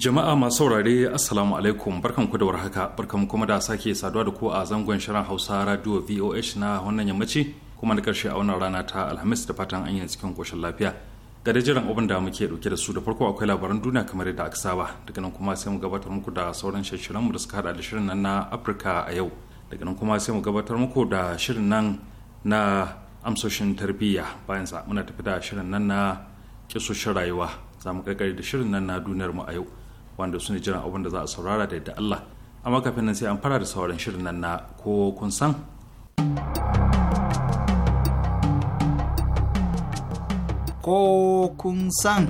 Jama'a masu saurare Assalamu alaikum barkan ku da warhaka barkan kuma da sake saduwa da ku a zangon shirin Hausa Radio VOH na wannan yammaci kuma na karshe a wannan rana ta Alhamis da fatan an yi cikin koshin lafiya. Ga da jiran abin da muke dauke da su da farko akwai labaran duniya kamar yadda aka saba daga nan kuma sai mu gabatar muku da sauran shirin mu da suka hada da shirin nan na Afirka a yau daga nan kuma sai mu gabatar muku da shirin nan na amsoshin tarbiyya bayan sa muna tafi da shirin nan na kisoshin rayuwa za mu da shirin nan na duniyar mu a yau wanda su ne jiran abin da za a saurara da yadda Allah amma kafin nan sai an fara da sauran shirin nan na ko kun san ko kun san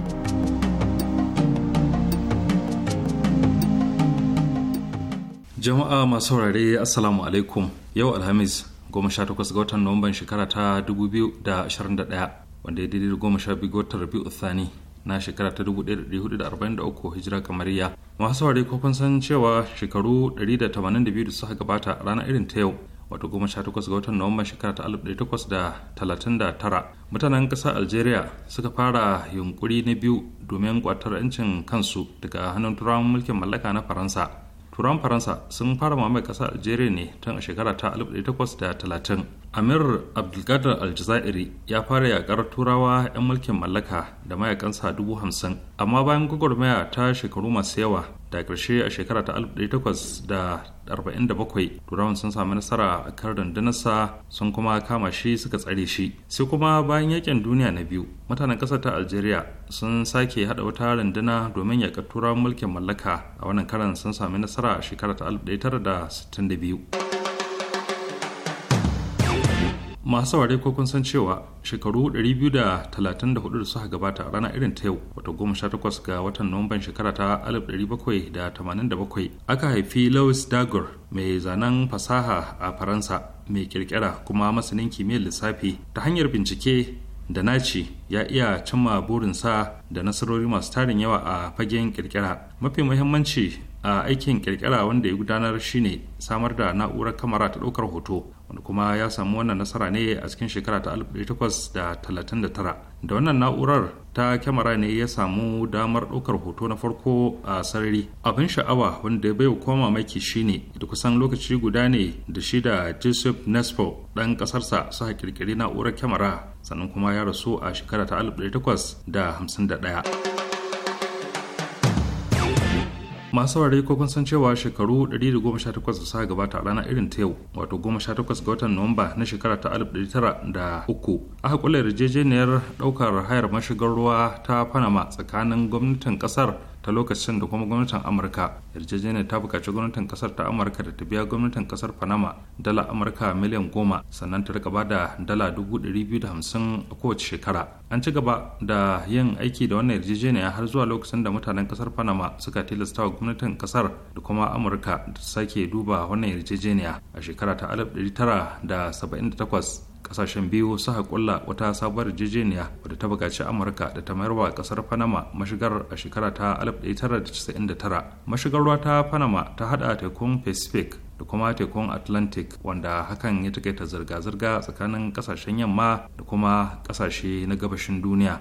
jama'a masu saurare assalamu alaikum yau alhamis 18 ga watan nuwamban shekara ta 2021 wanda ya daidai 12 ga watan rabi'u thani na shekara ta 1443 hijira kamariya masu saurari ko kun san cewa shekaru 182 da suka gabata ranar irin ta yau wato 18 ga watan nuwamban shekara ta 1839 mutanen ƙasar algeria suka fara yunkuri na biyu domin kwatar 'yancin kansu daga hannun turawan mulkin mallaka na faransa turawan faransa sun fara mamaye ƙasar algeria ne tun a shekara ta 1830 amir abdulkadir aljazairi ya fara yakar turawa 'yan mulkin mallaka da mayakansa dubu hamsin amma bayan gwagwarmaya ta shekaru masu yawa da karshe a shekara ta 1847 turawan sun sami nasara a kan rundunarsa sun kuma kama shi suka tsare shi sai kuma bayan yakin duniya na biyu mutanen ƙasar ta algeria sun sake haɗa wata randuna domin yakar turawan mulkin mallaka a wannan karan sun sami nasara a shekara ta 1962 masu saurare ko kun san cewa shekaru 234 da suka gabata rana irin ta yau wata 18 ga watan nuwamban shekara ta 1787 aka haifi louis dagor mai zanen fasaha a faransa mai kirkira kuma masanin kimiyyar lissafi ta hanyar bincike da naci ya iya cimma burinsa da nasarori masu tarin yawa a fagen kirkira mafi muhimmanci a aikin kirkira wanda ya gudanar shine samar da na'urar kamara ta ɗaukar hoto wanda kuma ya samu wannan nasara ne a cikin shekara ta 1839 da wannan na'urar ta kyamara ne ya samu damar ɗaukar hoto na farko a sarari abin sha'awa wanda ya baiwa koma maki shine da kusan lokaci guda ne da shi da joseph nespo ɗan ƙasarsa su kirkiri na'urar kyamara sannan kuma ya rasu a shekara ta 1851 masu saurare ko kun san cewa shekaru 118 da sa gabata a ranar irin ta yau wato 18 ga watan nuwamba na shekara ta 1903 aka kula yarjejeniyar daukar hayar mashigar ruwa ta panama tsakanin gwamnatin kasar ta lokacin da kuma gwamnatin amurka yarjejeniyar ta bukaci gwamnatin kasar ta amurka da ta biya gwamnatin kasar panama dala amurka miliyan goma sannan ta rika da dala dubu ɗari biyu da hamsin a kowace shekara an ci gaba da yin aiki da wannan yarjejeniya har zuwa lokacin da mutanen kasar panama suka tilasta wa gwamnatin kasar da kuma amurka da sake duba wannan yarjejeniya a shekara ta alif ɗari tara da saba'in da takwas kasashen biyu suka kulla wata sabuwar yarjejeniya wadda ta bugaci amurka da ta mayar wa kasar panama mashigar a shekara ta 1999 mashigar ruwa ta panama ta hada tekun pacific da kuma tekun atlantic wanda hakan ya takaita zirga-zirga tsakanin kasashen yamma da kuma kasashe na gabashin duniya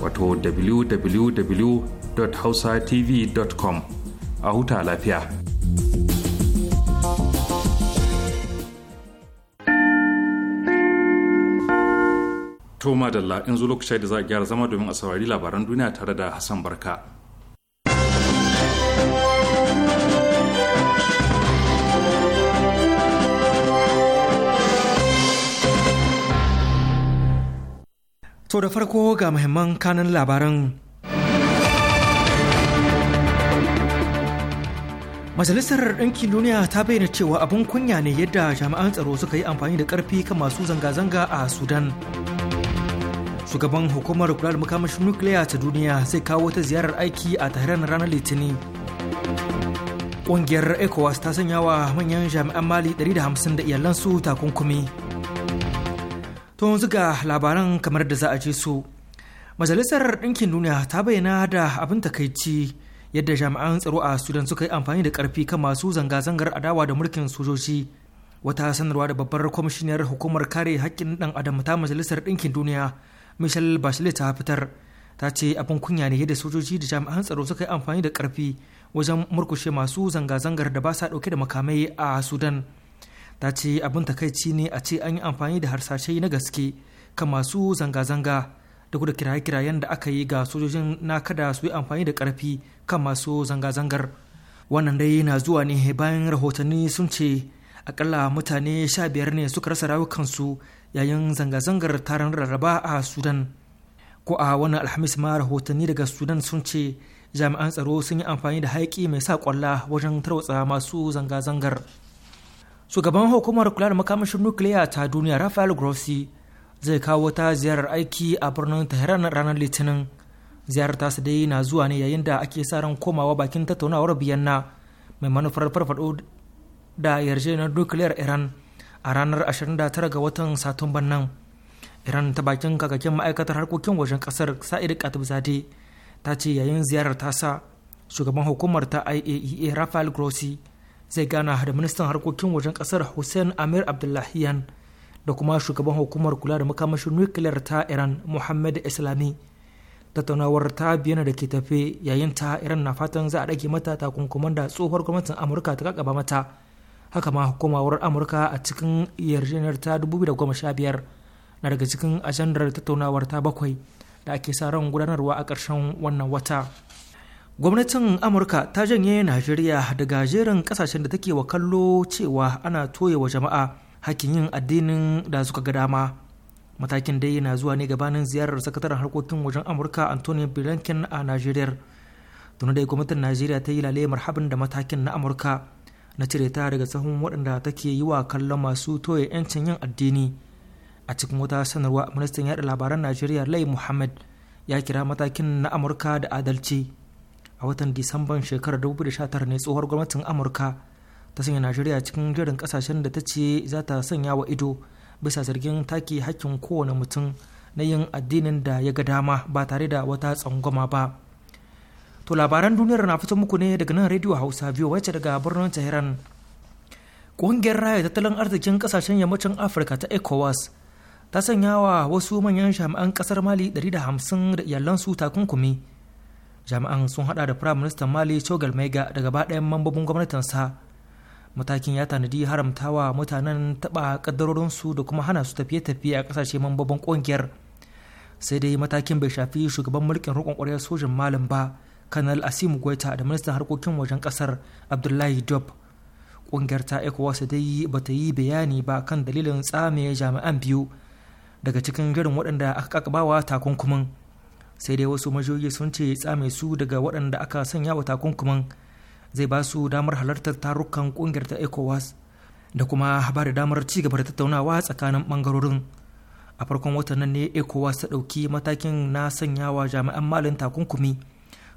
wato www.hausatv.com a huta lafiya. Toma Dalla in zo lokacin da za a gyara zama domin a saurari labaran duniya tare da Hassan Barka. To da farko ga muhimman kanan labaran. Majalisar Ɗinkin Duniya ta bayyana cewa abin kunya ne yadda jami'an tsaro suka yi amfani da ƙarfi kan masu zanga-zanga a Sudan. Shugaban hukumar kula da makamashin nukiliya ta duniya zai kawo ta ziyarar aiki a tahiran ranar Litinin. Ƙungiyar ECOWAS ta sanya wa manyan jami'an Mali 150 da iyalansu takunkumi. To yanzu ga labaran kamar da za a je su. Majalisar Ɗinkin Duniya ta bayyana da abin takaici yadda jami'an tsaro a Sudan suka yi amfani da ƙarfi kan masu zanga-zangar adawa da mulkin sojoji. Wata sanarwa da babbar kwamishiniyar hukumar kare haƙƙin ɗan adam ta Majalisar Ɗinkin Duniya Michelle Bachelet ta fitar ta ce abin kunya ne yadda sojoji da jami'an tsaro suka yi amfani da ƙarfi wajen murkushe masu zanga-zangar da ba sa ɗauke da makamai a Sudan. ta ce abin takaici ne a ce an yi amfani da harsashe na gaske kan masu zanga-zanga da kuma kiraye-kirayen da aka yi ga sojojin na kada su yi amfani da karfi kan masu zanga-zangar wannan dai na zuwa ne bayan rahotanni sun ce akalla mutane sha biyar ne suka rasa rayukansu yayin zanga-zangar taron rarraba a sudan ko a wannan alhamis ma rahotanni daga sudan sun ce jami'an tsaro sun yi amfani da haiki mai sa kwalla wajen tarwatsa masu zanga-zangar shugaban hukumar kula da makamashin nukiliya ta duniya rafael grossi zai kawo ta ziyarar aiki a birnin tehran ranar litinin ziyarar tasa dai na zuwa ne yayin da ake sa ran komawa bakin tattaunawar biyanna mai manufar farfado da yarjejeniyar nukiliyar iran a ranar 29 ga watan satumban nan iran ta bakin kakakin ma'aikatar harkokin wajen kasar sa'id katibzade ta ce yayin ziyarar tasa shugaban hukumar ta iaea e rafael grossi zai gana da ministan harkokin wajen kasar hussein amir abdullahiyan da kuma shugaban hukumar kula da makamashin nukiliyar ta iran muhammad islami tattaunawar ta biyana da ke tafe yayin ta iran na fatan za a ɗage mata takunkuman da tsohuwar gwamnatin amurka ta kakaba mata haka ma hukumawar amurka a cikin yarjejeniyar ta 2015 na daga cikin ajandar tattaunawar ta bakwai da ake sa ran gudanarwa a ƙarshen wannan wata. gwamnatin amurka ta janye najeriya daga jerin kasashen da take wa kallo cewa ana toye wa jama'a hakkin yin addinin da suka ga dama matakin dai na zuwa ne gabanin ziyarar sakataren harkokin wajen amurka anthony blinken a najeriya tuni dai gwamnatin najeriya ta yi lale marhabin da matakin na amurka na cire ta daga sahun waɗanda take yi wa kallon masu toye 'yancin yin addini a cikin wata sanarwa ministan yaɗa labaran najeriya lai muhammad ya kira matakin na amurka da adalci a watan disamban shekarar 2019 ne tsohuwar gwamnatin amurka ta sanya najeriya cikin jerin kasashen da ta ce za ta sanya wa ido bisa zargin take hakkin kowane mutum na yin addinin da ya ga dama ba tare da wata tsangwama ba to labaran duniyar na fito muku ne daga nan rediyo hausa biyu wacce daga birnin tehran ƙungiyar raya tattalin arzikin kasashen yammacin afirka ta ecowas ta sanya wa wasu manyan jami'an kasar mali 150 da iyalansu takunkumi jami'an sun hada da firayim ministan mali shogal maiga da gaba ɗayan mambobin gwamnatinsa matakin ya tanadi haramtawa mutanen taɓa ƙaddarorinsu da kuma hana su tafiye-tafiye a ƙasashe mambobin ƙungiyar sai dai matakin bai shafi shugaban mulkin roƙon ƙwarya sojin malam ba kanal asimu goita da ministan harkokin wajen ƙasar abdullahi job ƙungiyar ta ecowas dai bata yi bayani ba kan dalilin tsame jami'an biyu daga cikin jirin waɗanda aka kakabawa takunkumin sai dai wasu majoji sun ce tsame su daga waɗanda aka sanya wa takunkumin zai ba su damar halartar tarukan ƙungiyar ta ecowas da kuma ba da damar ci gaba da tattaunawa tsakanin ɓangarorin a farkon watan nan ne ecowas ta ɗauki matakin na sanya wa jami'an malin takunkumi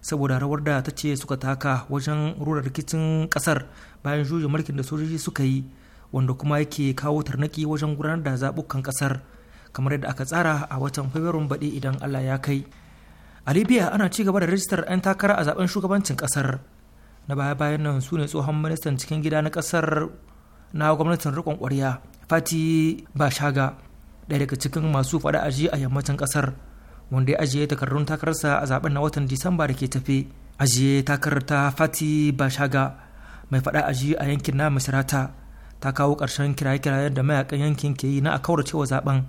saboda rawar da ta ce suka taka wajen rura rikicin ƙasar bayan juji mulkin da sojoji suka yi wanda kuma yake kawo tarnaki wajen gudanar da zabukan kasar kamar yadda aka tsara a watan fabrairun baɗi idan allah ya kai a libya ana ci gaba da rajistar 'yan takara a zaben shugabancin kasar na baya-bayan nan su ne tsohon ministan cikin gida na kasar na gwamnatin rikon kwarya fati bashaga ɗaya daga cikin masu faɗa aji a yammacin kasar wanda ya ajiye takardun takararsa a zaben na watan disamba da ke tafe ajiye takarar ta fati bashaga mai faɗa aji a yankin na misrata ta kawo ƙarshen kiraye-kirayen da mayakan yankin ke yi na a kauracewa zaben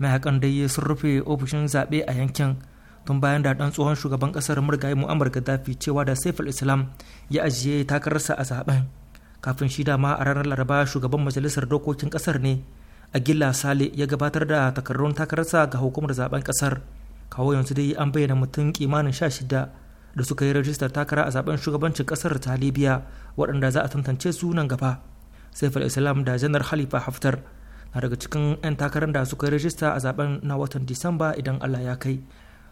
mayakan dai sun rufe ofishin zaɓe a yankin tun bayan da dan tsohon shugaban kasar murgaye mu'ammar gaddafi cewa da saifal islam ya ajiye takararsa a zaben kafin shi ma a ranar laraba shugaban majalisar dokokin kasar ne a gilla sale ya gabatar da takarrun takararsa ga hukumar zaben kasar kawo yanzu dai an bayyana mutum kimanin sha shida da suka yi rajistar takara a zaben shugabancin kasar ta libya waɗanda za a tantance su nan gaba saiful islam da janar halifa haftar na daga cikin 'yan takarar da suka yi rajista a zaben na watan disamba idan allah ya kai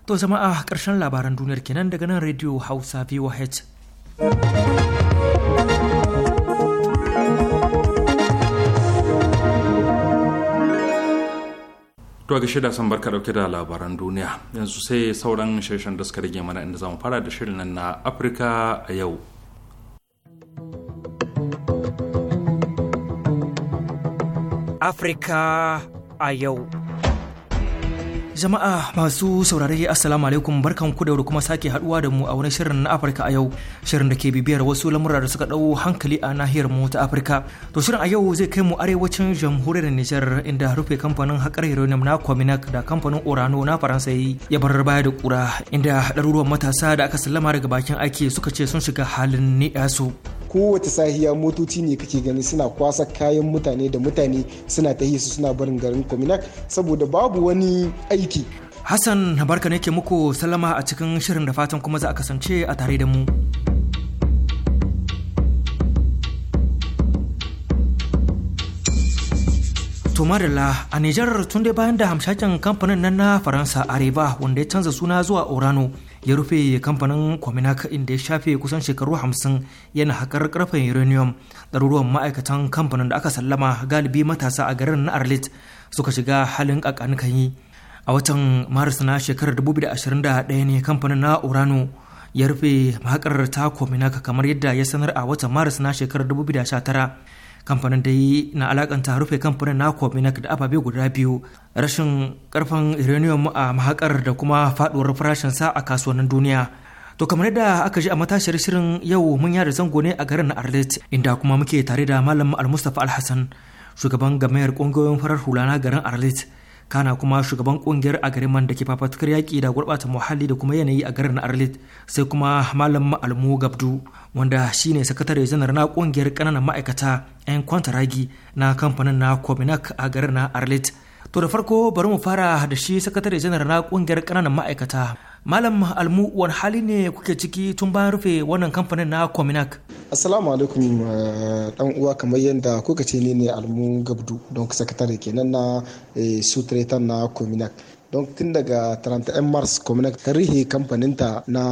To a ƙarshen labaran duniyar kenan daga nan Radio Hausa VOH. To ga shida san barka dauke da labaran duniya yanzu sai sauran shirin da suka rage mana inda zamu fara da shirin nan na Afirka a yau. Afirka a yau. Jama'a masu saurare Assalamu alaikum barkanku da kuma sake haduwa da mu a wani shirin na Afirka a yau shirin da ke bibiyar wasu lamura da suka dau hankali a nahiyar mu ta Afirka. To shirin a yau zai kai mu arewacin jamhuriyar Nijar inda rufe kamfanin haƙar uranium na Kwaminak da kamfanin Orano na Faransa ya bar baya da kura inda ɗaruruwan matasa da aka sallama daga bakin aiki suka ce sun shiga halin ni'asu. kowace sahiya motoci ne kake gani suna kwasa kayan mutane da mutane suna tahi su suna barin garin kominak saboda babu wani aiki hassan barka ne ke muku salama a cikin shirin da fatan kuma za a kasance a tare da mu To a Nijar tun dai bayan da hamshakin kamfanin nan na Faransa Areva wanda ya canza suna zuwa Orano ya rufe kamfanin Kwaminak inda ya shafe kusan shekaru hamsin yana haƙar ƙarfen uranium ɗaruruwan ma'aikatan kamfanin da aka sallama galibi matasa a garin na Arlit suka shiga halin ƙaƙanikan yi a watan maris na shekarar 2021 ne kamfanin na Urano ya rufe mahaƙar ta Kwaminak kamar yadda ya sanar a watan maris na shekarar 2019 kamfanin da yi na alakanta rufe kamfanin na cominac da ababe guda biyu rashin karfin uranium a mahakar da kuma faduwar farashin sa a kasuwannin duniya to kamar da aka ji a matashiyar shirin yau mun yada zango ne a garin na arlet inda kuma muke tare da malam al alhassan shugaban gamayar kungiyoyin farar hula na garin arlet kana kuma shugaban kungiyar a garin man da ke fafatukar yaƙi da gurɓata muhalli da kuma yanayi a garin arlet sai kuma malam almu gabdu wanda shi ne sakatare janar na kungiyar kananan ma'aikata 'yan kwantaragi na kamfanin na cominac a garin na arlet to da farko bari mu fara da shi sakatare janar na kungiyar kananan ma'aikata malam almu wani hali ne kuke ciki tun bayan rufe wannan kamfanin na cominac assalamu alaikum eh, dan uwa kamar yadda kuka ce ne ne almu gabdu don sakatare kenan na eh, sutretan na cominac don tun daga 31 mars kuma ta rihe kamfaninta na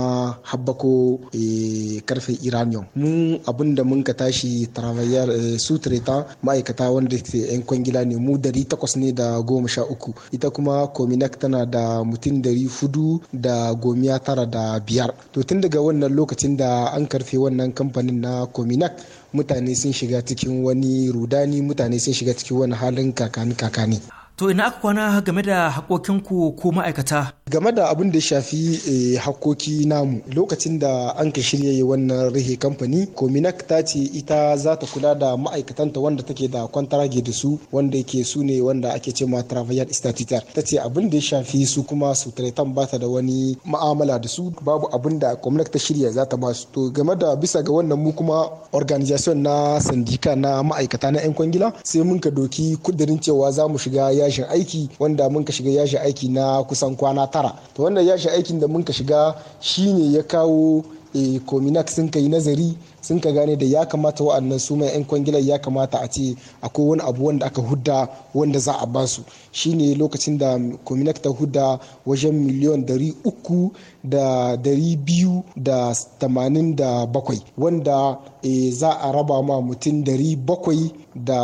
habbako eh, karfe iranium mu abinda mun ka tashi travayar eh, su treta ma'aikata wanda ke yan kwangila ne mu dari takwas ne da goma sha uku ita kuma kominak tana da mutum dari fudu da gomiya tara da biyar to tun daga wannan lokacin da an karfe wannan kamfanin na kominak mutane sun shiga cikin wani rudani mutane sun shiga cikin wani halin kakani kakani To ina aka kwana game da haƙoƙinku ko ma'aikata? Game da abin da shafi eh, haƙoƙi namu lokacin da an ka shirya wannan rihe kamfani, Kominak ta ce ita za ta kula da ma'aikatanta wanda take da kwantarage da su wanda ke su ne wanda ake ce ma Travayar Statutar. Ta ce abin da shafi su kuma su tretan ba ta da wani ma'amala da su babu abin da Kominak ta shirya za ta ba su. To game da bisa ga wannan mu kuma organization na sandika na ma'aikata na 'yan kwangila sai mun ka doki kudirin cewa za mu shiga ya yashin aiki wanda mun ka shiga yashin aiki na kusan kwana tara to wanda yashin aikin da mun ka shiga shine ya kawo e eh, kominak sun ka yi nazari sun ka gane da ya kamata wa'annan su mai 'yan kwangilar ya kamata a ce akwai wani abu wanda aka hudda wanda za a ba su shine lokacin da kominak ta hudda wajen miliyon dari uku da dari biyu da tamanin da bakwai wanda eh, za a raba ma mutum dari bakwai da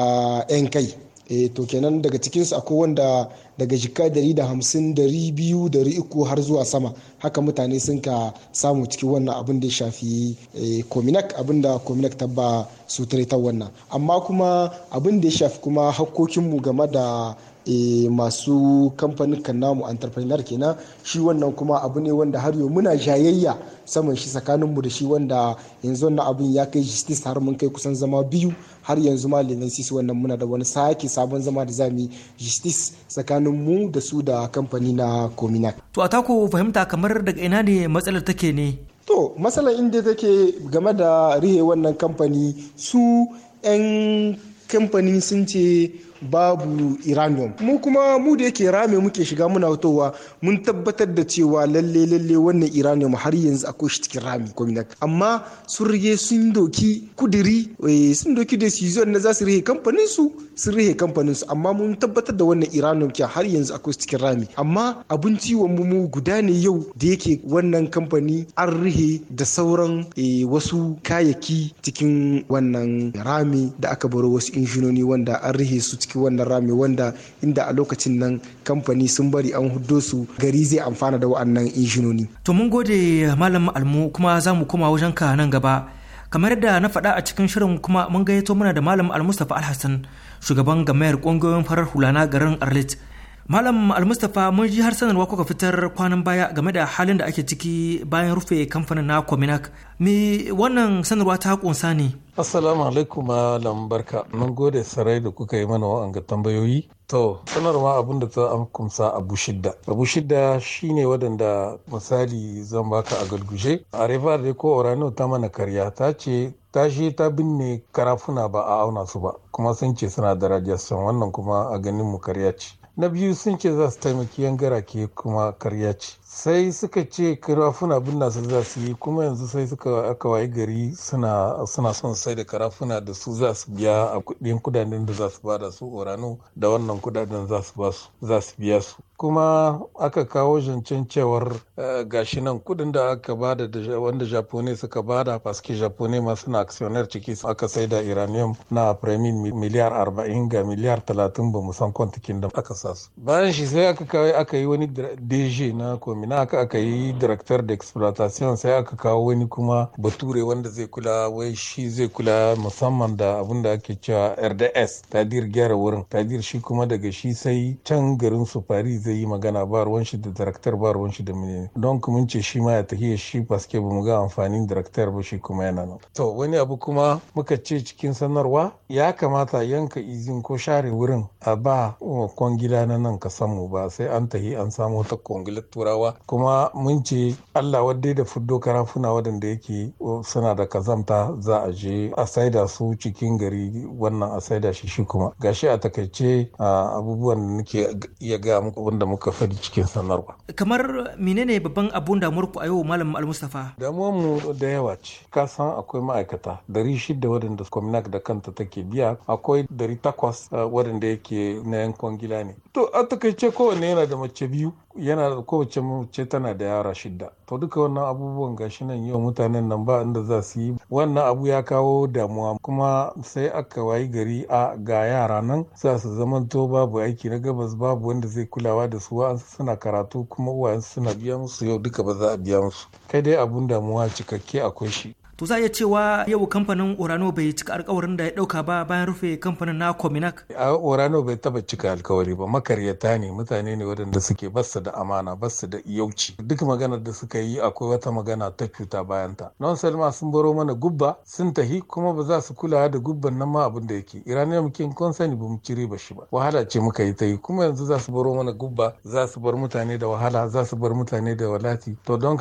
'yan kai eh to kenan daga cikinsu akwai wanda daga jika dari da hamsin dari biyu dari uku har zuwa sama haka mutane sun ka samu cikin wannan abin da ya shafi kominak eh, abin da kominak ta ba su wannan amma kuma abin da ya shafi kuma hakkokinmu game da Eh, masu kamfanin kan namu entrepreneur kenan shi wannan kuma abu ne wanda har yau muna jayayya saman shi tsakaninmu da shi wanda yanzu wannan abin ya kai justice har mun kai kusan zama biyu har yanzu ma lenin sisi wannan muna da wani sake sabon zama da zami justice tsakanin mu da su da kamfani na komina to a tako fahimta kamar daga ina ne matsalar take ne to matsalar inda take game da rihe wannan kamfani su 'yan kamfani sun ce babu iranium mu kuma mu da yake rame muke shiga muna fitowa mun tabbatar da cewa lalle lalle wannan iranium har yanzu akwai shi cikin rami kominak amma sun rige sun doki kudiri eh, sun doki da su na za su rihe kamfanin su sun rihe kamfanin su amma mun tabbatar da wannan iranium kya har yanzu akwai shi cikin rami amma abin ciwon mu guda ne yau da yake wannan kamfani an rihe da sauran eh, wasu kayayyaki cikin wannan rami da aka baro wasu injinoni wanda an rihe su cikin cikin wannan rami wanda inda a lokacin nan kamfani sun bari an huddo su gari zai amfana da wa'annan injinoni. To mun gode malam almu kuma za mu koma wajen ka nan gaba. Kamar da na faɗa a cikin shirin kuma mun gayyato muna da malam almustapha alhassan shugaban gamayar ƙungiyoyin farar hula na garin Arlit Malam Almustapha mun ji har sanarwa kuka fitar kwanan baya game da halin da ake ciki bayan rufe kamfanin na Cominac. Me wannan sanarwa ta kunsa ne? Assalamu alaikum malam barka. Mun gode sarai da kuka yi mana wa'anga tambayoyi. To, sanarwa abin da ta amkumsa abu shidda. Abu shidda shine waɗanda misali zan baka a galguje. A Rivar ko Orano ta mana karya ta ce ta shi ta binne karafuna ba a auna su ba kuma sun ce suna da radiation wannan kuma a ganin mu karya ce na biyu sun ce za su taimaki yan garake kuma karya ce sai suka ce karafuna abin nasu za su yi kuma yanzu sai suka aka wayi gari suna suna son sai da karafuna da su za su biya a kudin kudaden da za su bada su orano da wannan kudaden za za su biya su kuma aka kawo zancen cewar eh, gashi nan kudin da aka bada da wanda japone suka bada paske japone masu na aksiyonar ciki aka sai da iranium na premium miliyar 40 ga miliyar 30 ba san kwantikin da aka sa su bayan shi sai aka kawo aka yi wani dg na komina aka aka yi director da exploitation sai aka kawo wani kuma bature wanda zai kula wai shi zai kula musamman da abin da ake cewa rds tadir gyara wurin tadir shi kuma daga shi sai can garin su paris zai yi magana ba ruwan shi da daraktar ba ruwan shi da mene don mun ce shi ma ya tafi shi paske ba mu ga amfanin daraktar ba shi kuma yana nan to wani abu kuma muka ce cikin sanarwa ya kamata yanka izin ko share wurin a ba gida na nan ka samu ba sai an tahi an samu ta kwangilar turawa kuma mun ce allah wadda da fuddo karafuna wadanda yake suna da kazamta za a je a saida su cikin gari wannan a saida shi shi kuma gashi a takaice abubuwan da nake iya ga muku abin da muka fadi cikin sanarwa. Kamar menene babban abun damuwar ku a yau Malam Al-Mustafa? Damuwar mu da yawa ce. Ka san akwai ma'aikata dari shida waɗanda Comnac da kanta take biya akwai dari takwas eh, waɗanda yake na yankon gila ne. To a takaice kowanne yana da mace biyu yana da kowace mace tana da yara shida to duka wannan abubuwan gashi nan yau mutanen nan ba inda za su yi wannan abu ya kawo damuwa kuma sai aka wayi gari a ga yara nan za su zama to babu aiki na gabas babu wanda zai kulawa da su wa'ansu suna karatu kuma uwayensu suna biya musu yau duka ba za a biya musu kai dai abun damuwa cikakke akwai shi to za iya cewa yau kamfanin orano bai cika alkawarin da ya dauka ba bayan rufe kamfanin na cominac a orano bai taba cika alkawari ba makaryata ne mutane ne waɗanda suke basu da amana basu da iyauci duk maganar da suka yi akwai wata magana ta cuta bayan ta non salma sun baro mana gubba sun tahi kuma ba za su kula da gubban nan ma abin da yake iranian kin kun sani ba mu cire ba shi ba wahala ce muka yi ta yi kuma yanzu za su baro mana gubba za su bar mutane da wahala za su bar mutane da walati to don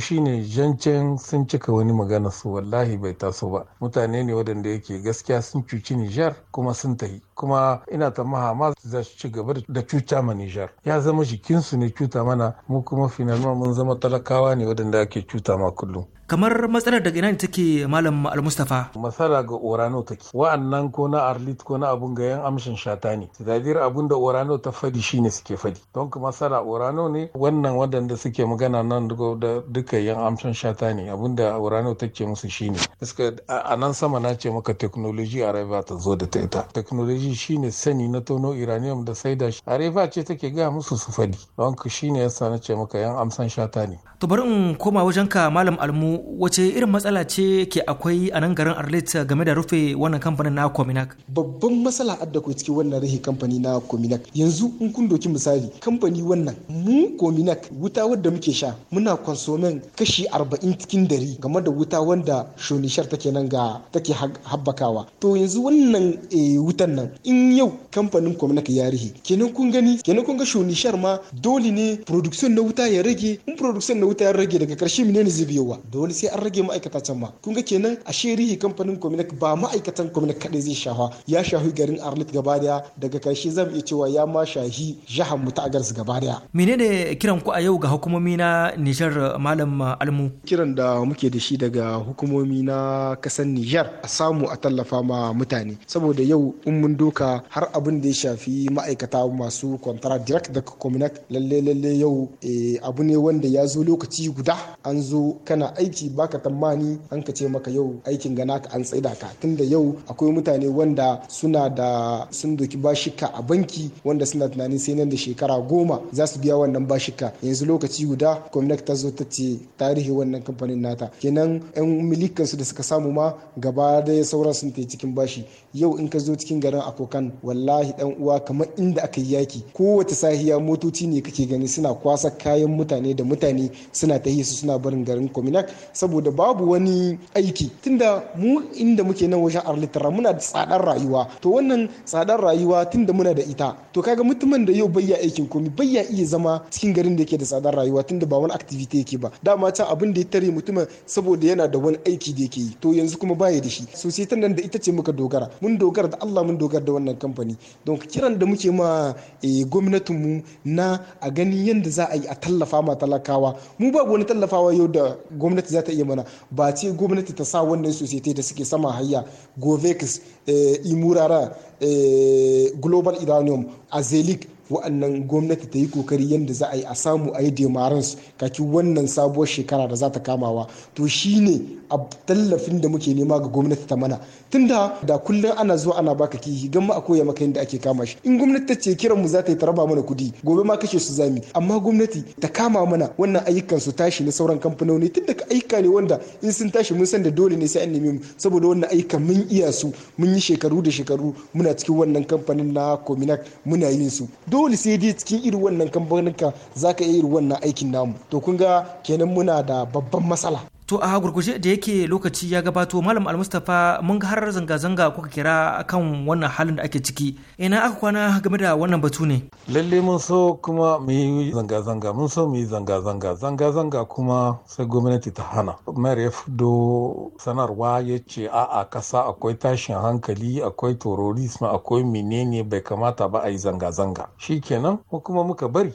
shi ne jancen sun cika wani magana na su wallahi bai taso ba mutane ne waɗanda yake gaskiya sun cuci Nijar kuma sun tahi kuma ina ta maha ma za su ci gaba da cuta ma Nijar ya zama jikinsu ne cuta mana mu kuma finalma mun zama talakawa ne waɗanda ake cuta ma kullum kamar matsalar daga ina take malam al-mustafa matsala ga orano take wa'annan ko na arlit ko na abun ga yan amshin shata ne tadadir abun da orano ta fadi shine suke fadi don kuma matsala orano ne wannan wadanda suke magana nan da duka yan amshin shata ne abun da orano take musu shine suka a nan sama na ce maka technology areva ta zo da ta ita technology shine sani na tono iranium da saida shi areva ce take ga musu su fadi don shine yasa na ce maka yan amshin shata ne to bari in koma wajenka malam almu wace irin matsala ce ke akwai a nan garin Arlit game da rufe wannan kamfanin na Cominac? Babban matsala adda ku cikin wannan rahi kamfani na Cominac. Yanzu in kun doki misali kamfani wannan mu Cominac wuta wadda muke sha muna konsomen kashi arba'in cikin dari game da wuta wanda shonishar take nan ga take habbakawa. To yanzu wannan eh, wutan nan in yau kamfanin kominak ya rihe kenan kun gani kenan kun ga shonishar ma dole ne production na wuta ya rage in production na wuta ya rage daga karshe menene zai biyowa. wani sai an rage ma'aikata can ma kun ga kenan a sharihi kamfanin kominak ba ma'aikatan kominak kadai zai shafa ya shafi garin Arlit gaba daya daga karshe zan iya cewa ya ma shahi jihar mu ta Agars gaba daya menene kiran ku a yau ga hukumomi na Nijar Malam Almu kiran da muke da shi daga hukumomi na kasan Nijar a samu a tallafa ma mutane saboda yau in mun doka har abin da ya shafi ma'aikata masu kwantara direct daga kominak lalle lalle yau eh, abu ne wanda ya zo lokaci guda an zo kana aiki aiki baka tammani an ka ce maka yau aikin gana ka an tsaida ka tunda yau akwai mutane wanda suna da sun doki bashika a banki wanda suna tunanin sai nan da shekara goma za su biya wannan bashika yanzu lokaci guda gwamnati ta zo ta ce tarihi wannan kamfanin nata kenan yan milikan su da suka samu ma gaba da sauran sun tai cikin bashi yau in ka zo cikin garin akokan wallahi dan uwa kamar inda aka yi yaki kowace sahiya motoci ne kake gani suna kwasa kayan mutane da mutane suna tahi su suna barin garin kominak saboda babu wani aiki tunda mu inda muke nan wajen arlitara muna da tsadar rayuwa to wannan tsadar rayuwa tunda muna da ita to kaga mutumin da yau bayya aikin komi bayya iya zama cikin garin da yake da tsadar rayuwa tunda ba wani activity yake ba dama ta abin da ya tare mutumin saboda yana da wani aiki da yake yi to yanzu kuma baya da shi ta nan da ita ce muka dogara mun dogara da Allah mun dogara da wannan kamfani don kiran da muke ma eh, mu na a ganin yadda za a yi a tallafa ma talakawa mu ba wani tallafawa yau da gwamnati za ta iya mana ba ce gwamnati ta sa wannan society da suke sama hayya govex eh, imurara eh, global iranium azelic wa'annan gwamnati ta yi kokari yadda za a yi a samu a yi demarans kaki wannan sabuwar shekara da za ta kamawa to shi ne a tallafin da muke nema ga gwamnati ta mana tunda da kullum ana zuwa ana baka kihi gamma a koya maka yadda ake kama shi in gwamnati ta ce kiran mu za ta yi ta raba mana kudi gobe ma kashe su zami amma gwamnati ta kama mana wannan ayyukan su tashi na sauran kamfanoni tunda ayyuka ne wanda in sun tashi mun san da dole ne sai an neme mu saboda wannan ayyukan mun iya su mun yi shekaru da shekaru muna cikin wannan kamfanin na Kominak muna yin su dole sai dai cikin irin wannan kamfanin za ka iya irin wannan aikin namu to kun ga kenan muna da babban matsala To a gurguje da yake lokaci ya gabato Malam Almustapha mun ga har zanga-zanga kuka kira kan wannan halin da ake ciki. Ina aka kwana game da wannan batu ne? Lalle mun so kuma mu yi zanga-zanga, mun so mu yi zanga-zanga. Zanga-zanga kuma sai gwamnati ta hana. Mayar ya fido sanarwa ya ce a'a kasa akwai tashin hankali, akwai terrorism, akwai menene bai kamata ba a yi zanga-zanga. Shikenan mu kuma muka bari.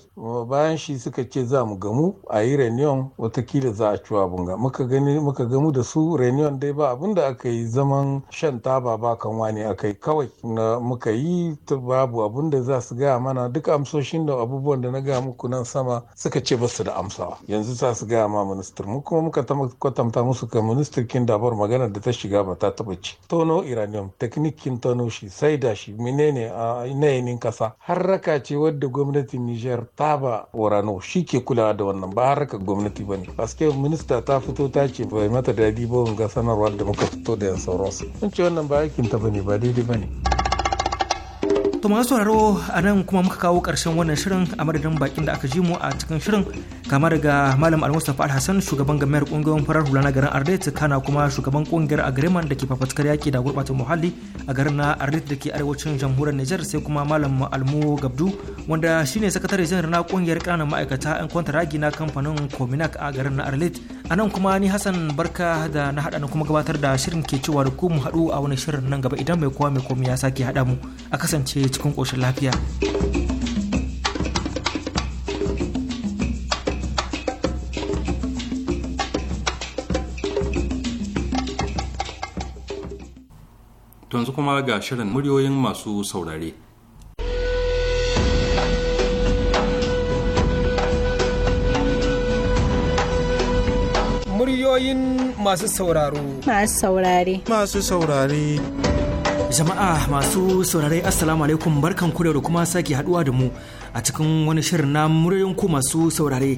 Bayan shi suka ce za mu gamu a yi reunion watakila za a ci abun muka gani muka gamu da su reunion dai ba abin da aka yi zaman shan taba ba kan wani aka yi kawai na muka yi babu abin da za su gaya mana duk amsoshin da abubuwan da na gaya muku nan sama suka ce basu da amsawa yanzu za su gaya ma minister mu kuma muka kwatanta musu ka minister kin bar magana da ta shiga ba ta taba ci tono iranium kin tono shi sai da shi menene a yanayin kasa harraka ce wadda gwamnatin niger ta ba orano shi ke kulawa da wannan ba harraka gwamnati ba ne paske minista ta fito ta ce bai mata daɗi ba ga sanarwar da muka fito da yan sauransu sun ce wannan ba aikin ta bane ba daidai bane to masu sauraro a nan kuma muka kawo ƙarshen wannan shirin a madadin bakin da aka ji mu a cikin shirin kama daga malam al alhassan hassan shugaban gamayar kungiyoyin farar hula na garin ardet kana kuma shugaban kungiyar agreement da ke fafatkar yaki da gurbatar muhalli a garin na ardet da ke arewacin jamhuriyar niger sai kuma malam almu gabdu wanda shine sakatare janar na kungiyar kananan ma'aikata yan kwantaragi na kamfanin cominac a garin na ardet a nan kuma ni hassan barka da na haɗa na kuma gabatar da shirin ke cewa da ku mu haɗu a wani shirin nan gaba idan mai kowa mai komi ya sake haɗa mu a kasance cikin koshin lafiya. To yanzu kuma ga shirin muryoyin masu saurare. Muryoyin masu sauraro. Masu saurare. Masu saurare. Jama'a masu saurare Assalamu alaikum barkan ku da kuma sake haduwa da mu a cikin wani shirin na muryoyin ku masu saurare.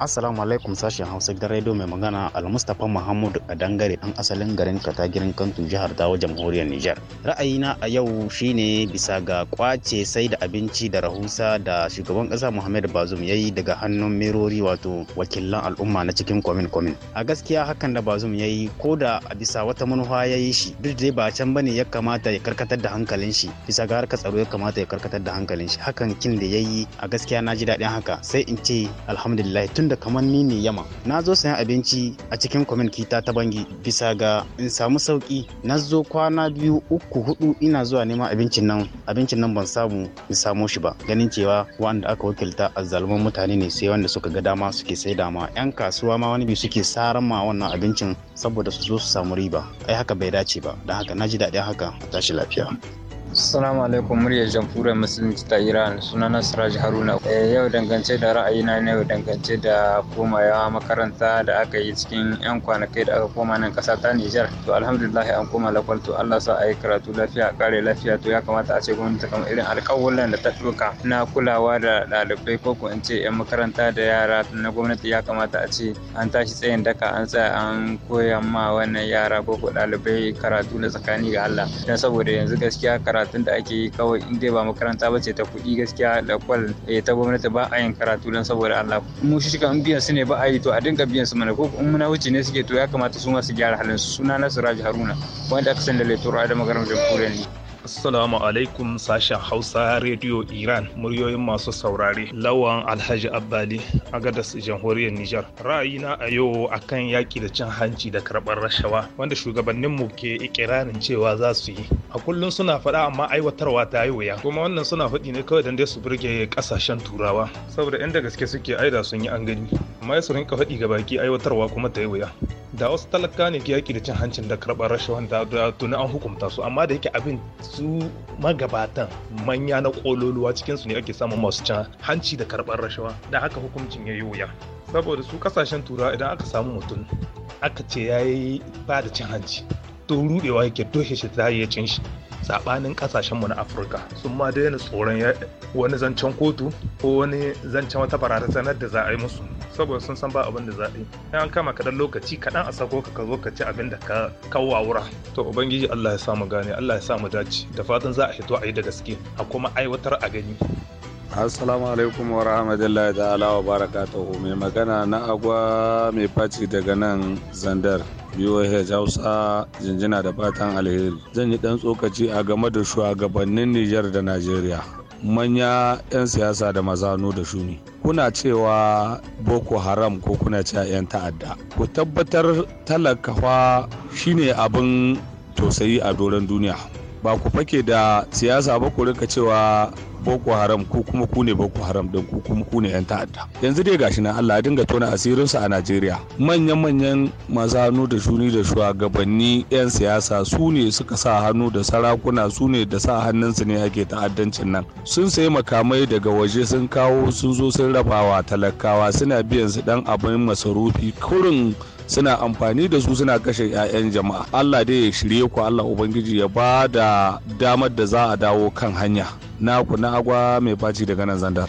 Assalamu alaikum sashen Hausa gidan rediyo mai magana al Mustafa Muhammad dangare dan asalin garin Katagirin Kantu jihar Dawo jamhuriyar Nijar. Ra'ayina a yau shine bisa ga kwace sai da abinci da rahusa da shugaban kasa Muhammad Bazoum yayi daga hannun merori wato wakilan al'umma na cikin kwamin kwamin. A gaskiya hakan da Bazoum yayi ko da a bisa wata manufa yayi shi duk dai ba can bane ya kamata ya karkatar da hankalin shi bisa ga harkar tsaro ya kamata ya karkatar da hankalin shi hakan kin da yayi a gaskiya na ji daɗin haka sai in ce alhamdulillah tunda kamar ni ne yama na zo sayan abinci a cikin kwamin kita ta bangi bisa ga in samu sauki na zo kwana biyu uku hudu ina zuwa neman abincin nan abincin nan ban samu in samo shi ba ganin cewa wanda aka wakilta a zalman mutane ne sai wanda suka ga dama suke sai dama yan kasuwa ma wani bi suke saran ma wannan abincin saboda su zo su samu riba ai haka bai dace ba don haka na ji daɗin haka tashi lafiya Assalamu alaikum muryar jamhuriyar musulunci ta Iran suna na Siraj Haruna. Eh, yau dangance da ra'ayina na yau dangance da komawa makaranta da aka yi cikin 'yan kwanakai da aka koma nan kasa ta Nijar. To alhamdulillah an koma lakwal to Allah sa a yi karatu lafiya a kare lafiya to ya kamata a ce gwamnati kamar irin alƙawullan da ta ɗauka na kulawa da ɗalibai ko ko in ce 'yan makaranta da yara na gwamnati ya kamata a ce an tashi tsayin daka an tsaya an koya ma wannan yara ko ko ɗalibai karatu na tsakani ga Allah. Dan saboda yanzu gaskiya karatu karatun da ake yi kawai in dai ba makaranta ba ce ta kuɗi gaskiya da kwal eh, ta gwamnati ba a yin karatu don saboda Allah mu shi kan biyan su ne ba a yi to a dinga biyan su mana ko in muna wuce ne suke to ya kamata su ma su gyara halin su suna na Siraj Haruna wanda aka san da Letoro Adamu Garam Jamhuriyar Assalamu alaikum sashen Hausa Radio Iran muryoyin masu saurare lawan Alhaji Abbali a gadas jamhuriyar Nijar. Ra'ayi na a yau akan yaƙi da cin hanci da karɓar rashawa wanda mu ke ikirarin cewa za su yi. A kullum suna faɗa amma aiwatarwa ta yi wuya kuma wannan suna faɗi ne kawai dan dai su burge ƙasashen turawa saboda inda gaske suke aida sun yi an gani amma su rinka faɗi ga baki aiwatarwa kuma ta yi wuya. Da wasu talaka ne ke yaƙi da cin hancin da karɓar rashawa da tuni an hukunta su amma da yake abin su magabatan manya na kololuwa cikinsu ne ake samun masu can hanci da karɓar rashawa da haka hukuncin ya yi wuya saboda su kasashen turawa idan aka samu mutum aka ce ya yi ba da cin hanci to rudewa yake doshe shi ta cin shi saɓanin mu na afirka sun ma daina tsoron wani zancen kotu ko wani zancen wata sanar da za a yi musu saboda sun san ba abin da za a yi an kama kaɗan lokaci kaɗan a sako ka ka zo ka ci abin da ka wura to ubangiji allah ya samu gane allah ya samu dace da fatan za a fito a yi da gaske a kuma aiwatar a gani assalamu alaikum wa rahmatullahi ta'ala wa barakatuhu mai magana na agwa mai faci daga nan zandar BOH Hausa jinjina da fatan alheri zan yi dan tsokaci a game da shugabannin Nijar da Najeriya manya 'yan siyasa da mazanu da shuni kuna cewa boko haram ko kuna cewa 'yan ta'adda ku tabbatar talakawa shine abin tausayi a doron duniya ba ku fake da siyasa ba ku rika cewa boko haram ko kuma ku ne boko haram din ku kuma ku ne yan ta'adda yanzu dai gashi nan Allah ya dinga tona asirin su a Najeriya manyan manyan masu hannu da shuni da shugabanni yan siyasa su ne suka sa hannu da sarakuna su ne da sa hannunsu ne ake ta'addancin nan sun sayi makamai daga waje sun kawo sun zo sun rabawa talakawa suna biyan su dan abin masarufi kurin suna amfani da su suna kashe 'ya'yan jama'a allah dai ya shirye ku allah ubangiji ya ba da damar da za a dawo kan hanya na ku na agwa mai baci daga nan zandar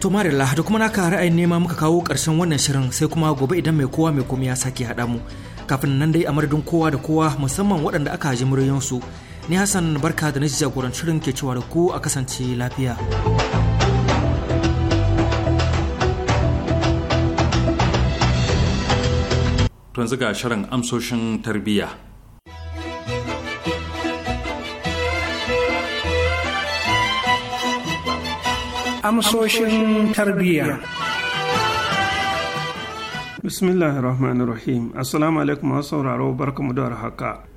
to marilla da kuma naka ra'ayin nema muka kawo karshen wannan shirin sai kuma gobe idan mai kowa mai komi ya sake haɗa mu kafin nan dai a madadin kowa da kowa musamman waɗanda aka ji muryansu ni hassan barka da na jagoranci shirin ke cewa da ku a kasance lafiya. to yanzu ga shirin amsoshin tarbiyya amsoshin tarbiyya bismillahir rahmanir rahim assalamu alaikum masu sauraro barkamu da haka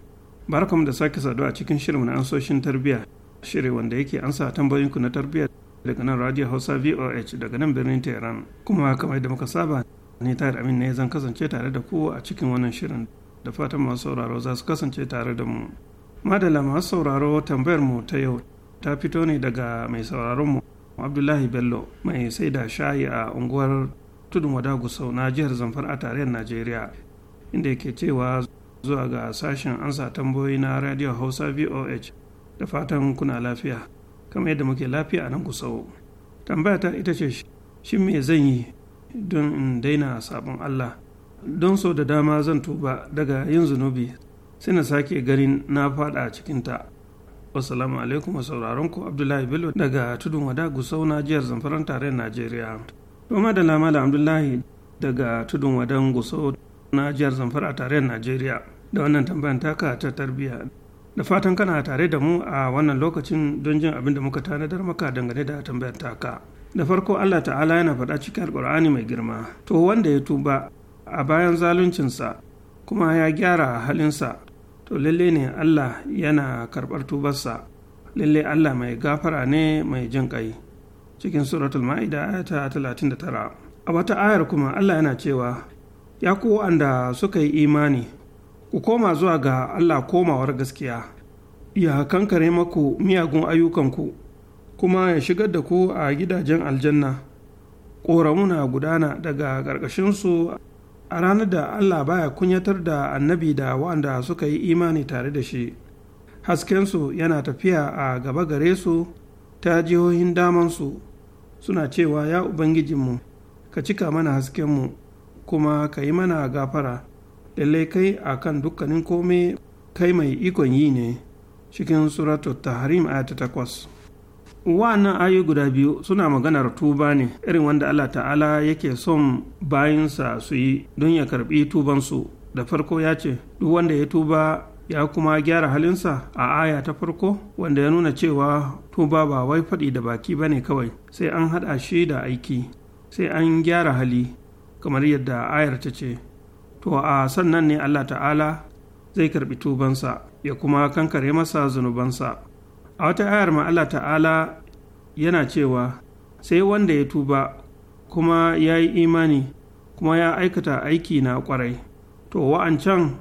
barkamu da sake saduwa a cikin shirin na amsoshin tarbiyya shirin wanda yake ansa tambayoyinku na tarbiyya daga nan radio hausa voh daga nan birnin tehran kuma kamar da muka saba ni tayar amin ne zan kasance tare da ku a cikin wannan shirin da fatan masu sauraro za su kasance tare da mu madala masu sauraro tambayar mu ta yau ta fito ne daga mai sauraron mu abdullahi bello mai sai da shayi a unguwar tudun wada gusau na jihar zamfara a tarayyar najeriya inda yake cewa zuwa ga sashen ansa tambayoyi na radio hausa voh da fatan kuna lafiya kamar yadda muke lafiya a nan gusau tambaya ta ita ce shin me zan yi don in daina sabon Allah don so da dama zan tuba daga yin zunubi sai na sake ganin na fada cikinta wasalamu alaikum sauraron ku abdullahi bello daga tudun wada gusau na jihar zamfaran tarayyar najeriya doma da lamala abdullahi daga tudun wadan gusau na jihar zamfara tarayyar najeriya da wannan tambayan taka ta tarbiya da fatan kana tare da mu a wannan lokacin don jin abin da muka tanadar maka dangane da tambayar taka da farko allah ta'ala yana faɗa cikin alƙur'ani mai girma to wanda ya tuba a bayan zaluncinsa kuma ya gyara halinsa to lalle ne allah yana karɓar tubarsa lalle allah mai gafara ne mai jin ƙai cikin suratul ma'ida ayata tara. a wata ayar kuma allah yana cewa ya ku wanda suka yi imani ku koma zuwa ga allah komawar gaskiya ya kankare maku miyagun ayyukanku kuma ya shigar da ku a gidajen aljanna ƙoramuna gudana daga ƙarƙashinsu a ranar da allah baya kunyatar da annabi da waɗanda suka yi imani tare da shi haskensu yana tafiya a gaba gare su ta jihohin damansu suna cewa ya ubangijinmu ka cika mana haskenmu kuma ka yi mana gafara lallai kai a kan dukkanin kome kai mai ikon yi ne cikin suratul tahrim ayata takwas wannan ayoyi guda biyu suna maganar tuba ne irin wanda Allah ta'ala yake son bayinsa su yi don ya karbi tubansu da farko ya ce duk wanda ya tuba ya kuma gyara halinsa a aya ta farko wanda ya nuna cewa tuba ba wai faɗi da baki ba ne kawai sai an haɗa shi da aiki sai an gyara hali kamar yadda ayar ta ce to a sannan ne Allah ta'ala zai karbi tubansa ya kuma kankare masa zunubansa a wata ayar ma Allah ta'ala yana cewa sai wanda ya tuba kuma ya yi imani kuma ya aikata aiki na kwarai to wa'ancan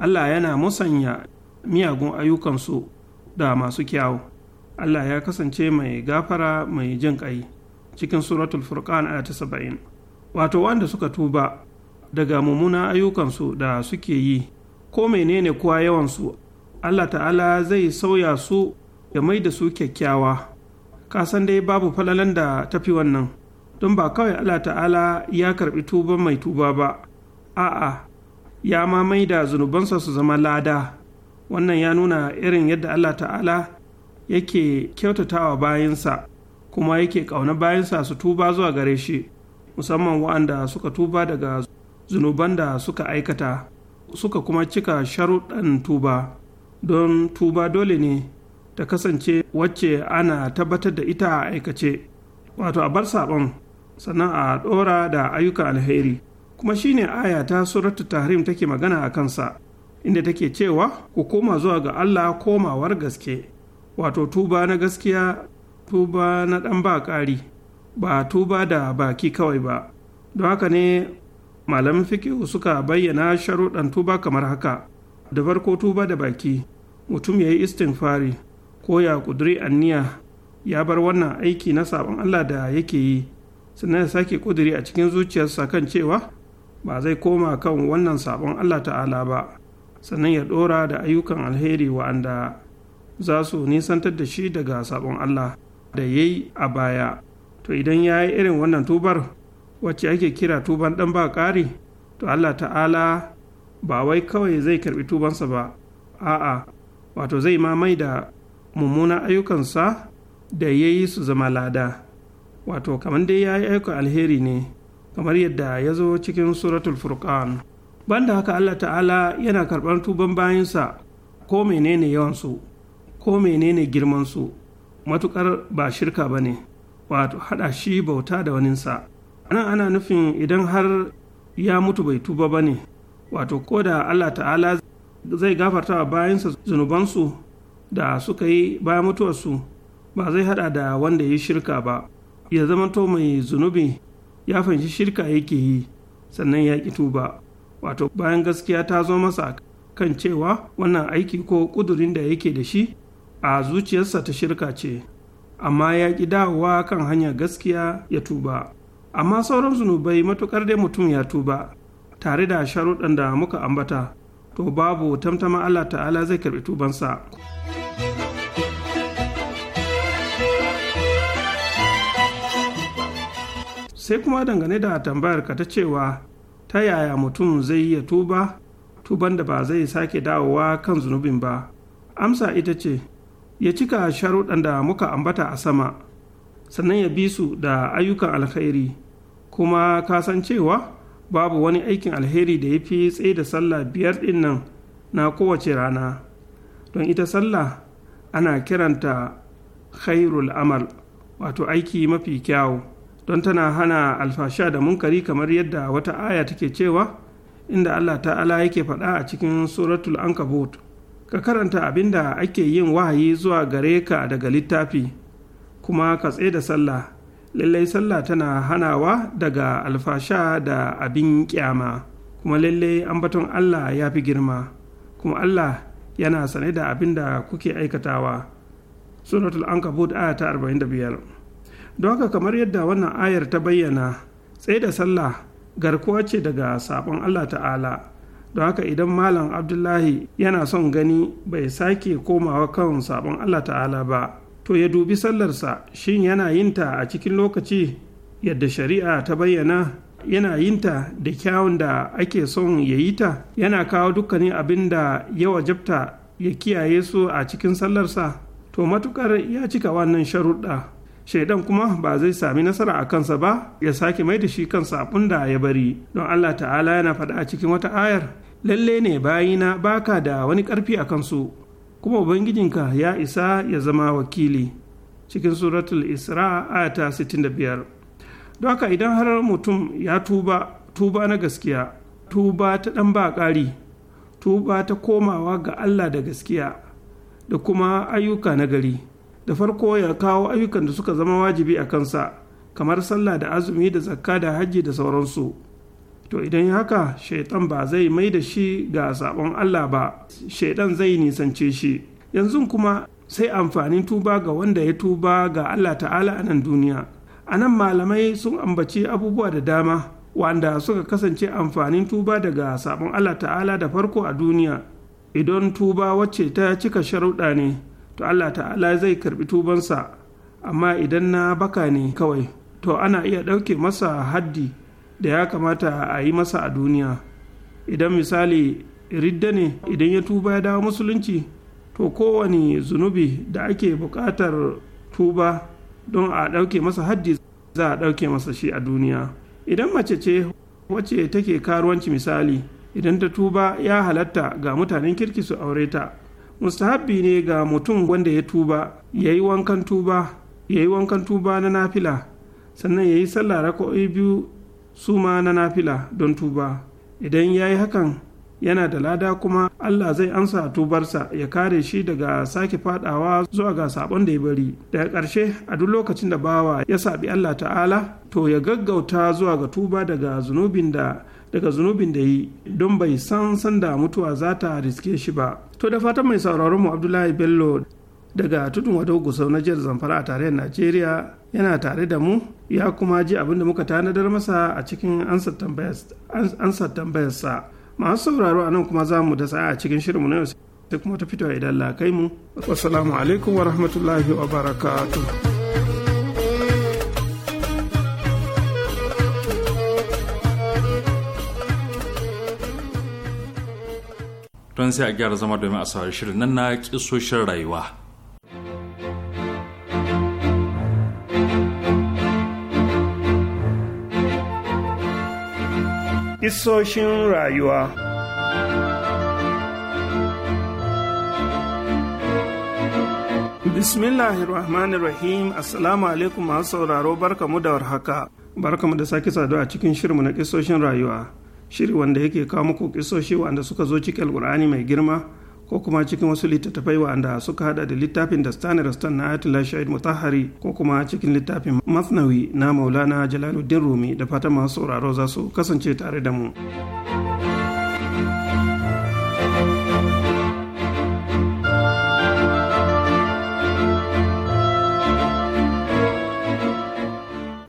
Allah yana musanya miyagun ayyukansu da masu kyawu Allah ya kasance mai gafara mai jin ƙai cikin suratul furqan aya ta saba'in wato wanda suka tuba daga mummunan ayyukansu da suke yi ko menene kuwa yawansu Allah ta'ala zai sauya su ya mai da su kyakkyawa kasan dai babu falalan da tafi wannan don ba kawai allah ta'ala ya karɓi tuba mai tuba ba a'a ya ma mai da zunubansa su zama lada wannan ya nuna irin yadda allah ta'ala yake kyautatawa bayansa kuma yake ƙauna bayansa su tuba zuwa gare shi musamman wa'anda suka tuba daga zunuban da suka aikata suka kuma cika sharuɗan tuba don tuba dole ne ta kasance wacce ana tabbatar da ita a aikace wato a bar saɓon sannan a ɗora da ayyuka alheri kuma shine aya ta suratu tahrim take magana a kansa inda take cewa ku koma zuwa ga Allah komawar gaske wato tuba na gaskiya tuba na ɗan ba ƙari ba tuba da baki kawai ba don haka ne malamin fikihu suka bayyana sharuɗan tuba kamar haka da farko tuba da baki mutum ya yi istin fari. ko ya ƙudiri anniya ya bar wannan aiki na sabon Allah da yake yi sannan ya sake ƙudiri a cikin zuciyarsa kan cewa ba zai koma kan wannan sabon Allah ta'ala ba sannan ya ɗora da ayyukan alheri wa'anda za su nisantar da shi daga sabon Allah da ya yi a baya to idan ya yi irin wannan tubar wacce ake kira tuban ɗan ba ƙari to Allah ta'ala ba wai kawai zai karɓi tubansa ba a'a wato zai ma mai da mummunan ayyukansa da ya yi su zama lada wato kamar dai ya yi aiko alheri ne kamar yadda ya zo cikin suratul furqan banda haka allah ta'ala yana karɓar tuban bayansa ko menene yawansu ko menene su? matukar ba shirka ba ne wato haɗa shi bauta da waninsa nan ana nufin idan har ya mutu bai tuba ba ne wato ko da allah ta'ala zai gafarta wa bayansa zunubansu da suka yi bayan mutuwarsu ba zai hada da wanda ya yi shirka ba ya zama to mai zunubi ya fahimci shirka yake yi sannan ya ƙi tuba wato bayan gaskiya ta zo masa kan cewa wannan aiki ko ƙudurin da yake da shi a zuciyarsa ta shirka ce amma ya ƙi dawowa kan hanyar gaskiya ya tuba amma sauran zunubai matuƙar dai mutum ya tuba tare da sharuɗan da muka ambata to babu tamtama Allah ta'ala zai karɓi tubansa. sai kuma dangane da tambayar ka ta cewa ta yaya mutum zai iya tuba tuban da ba zai sake dawowa kan zunubin ba amsa ita ce ya cika sharuɗan da muka ambata a sama sannan ya bi su da ayyukan alkhairi kuma ka san cewa babu wani aikin alheri da ya fi tsaye da sallah biyar ɗin nan na kowace rana don ita sallah ana kiranta khairul amal wato aiki mafi kyawu don tana hana alfasha da munkari kamar yadda wata aya take cewa inda Allah ta'ala yake faɗa a cikin suratul ankabut ka karanta abin da ake yin wahayi zuwa gare ka daga littafi kuma ka da sallah lallai sallah tana hanawa daga alfasha da abin kyama kuma lallai an ambaton Allah ya fi girma kuma Allah yana sane da abin da kuke aikatawa suratul ankabut aya ta 45 don haka kamar yadda wannan ayar ta bayyana tsaye da sallah garkuwa ce daga sabon allah ta'ala don haka idan malam abdullahi yana son gani bai sake komawa kan sabon allah ta'ala ba to ya dubi sallarsa shin yana yinta a cikin lokaci yadda shari'a ta bayyana yana yinta da kyawun da ake son ya yi ta yana kawo dukkanin abin da ya wajabta ya kiyaye su a cikin sallarsa to matukar ya cika wannan sharuɗa shaidan kuma ba zai sami nasara a kansa ba ya sake mai da shi kansa abin da ya bari don allah ta'ala yana faɗa a cikin wata ayar lalle ne bayina baka da wani ƙarfi a kansu kuma ubangijinka ya isa ya zama wakili cikin suratul isra ayata 65 don haka idan har mutum ya tuba tuba na gaskiya tuba ta ɗan ba ƙari tuba ta komawa ga allah da gaskiya da kuma ayyuka na gari da farko ya kawo ayyukan da suka zama wajibi a kansa kamar sallah da azumi da zakka da hajji da sauransu to idan haka shaitan ba zai mai da shi ga sabon allah ba shaitan zai nisance shi yanzu kuma sai amfanin tuba ga wanda ya tuba ga allah ta'ala a nan duniya Anan malamai sun ambaci abubuwa da dama wanda suka kasance amfanin tuba daga sabon allah ta'ala da farko a duniya idan tuba wacce ta cika sharuɗa ne to allah ta'ala zai karbi tubansa amma idan na baka ne kawai to ana iya ɗauke masa haddi da ya kamata a yi masa a duniya idan misali ridda ne idan ya tuba ya dawo musulunci to kowane zunubi da ake buƙatar tuba don a ɗauke masa haddi za a ɗauke masa shi a duniya idan mace ce wacce take karuwanci misali idan ta tuba ya halatta ga mutanen kirki su aure ta mustahabbi ne ga mutum wanda ya tuba ya yi wankan tuba ya yi wankan tuba na nafila sannan ya yi sallah rako'i biyu su ma na nafila don tuba idan ya yi hakan yana da lada kuma Allah zai ansa tubarsa ya kare shi daga sake fadawa zuwa ga sabon da ya bari daga karshe a duk lokacin da bawa ya saɓi Allah ta'ala to ya gaggauta zuwa ga tuba daga zunubin da daga zunubin da yi don bai san sanda mutuwa za ta riske shi ba to da fatan mai sauraron mu Abdullahi Bello daga tudun wadau gusau na jihar zamfara a tarayyar najeriya yana tare da mu ya kuma ji abin da muka tanadar masa a cikin ansa tambayarsa masu sauraro a nan kuma za mu da sa'a a cikin shirin mu na yau sai kuma ta fito idan la kai mu wassalamu alaikum wa rahmatullahi wa barakatuh don sai a gyara zama domin a saurari shirin nan na kisoshin rayuwa. Isoshin rayuwa Bismillahirrahmanirrahim Assalamu alaikum masu sauraro barka barkamu da warhaka barkamu da sake saduwa a cikin shirmu na kisoshin rayuwa shiri wanda yake kawo muku kisoshi wanda suka zo cikin alkur'ani mai girma ko kuma cikin wasu littattafai wa'anda suka hada da littafin da stanley rastan na atila shahid mutahari ko kuma cikin littafin masnawi na maulana jalaluddin rumi da fatan masu sauraro za su kasance tare da mu.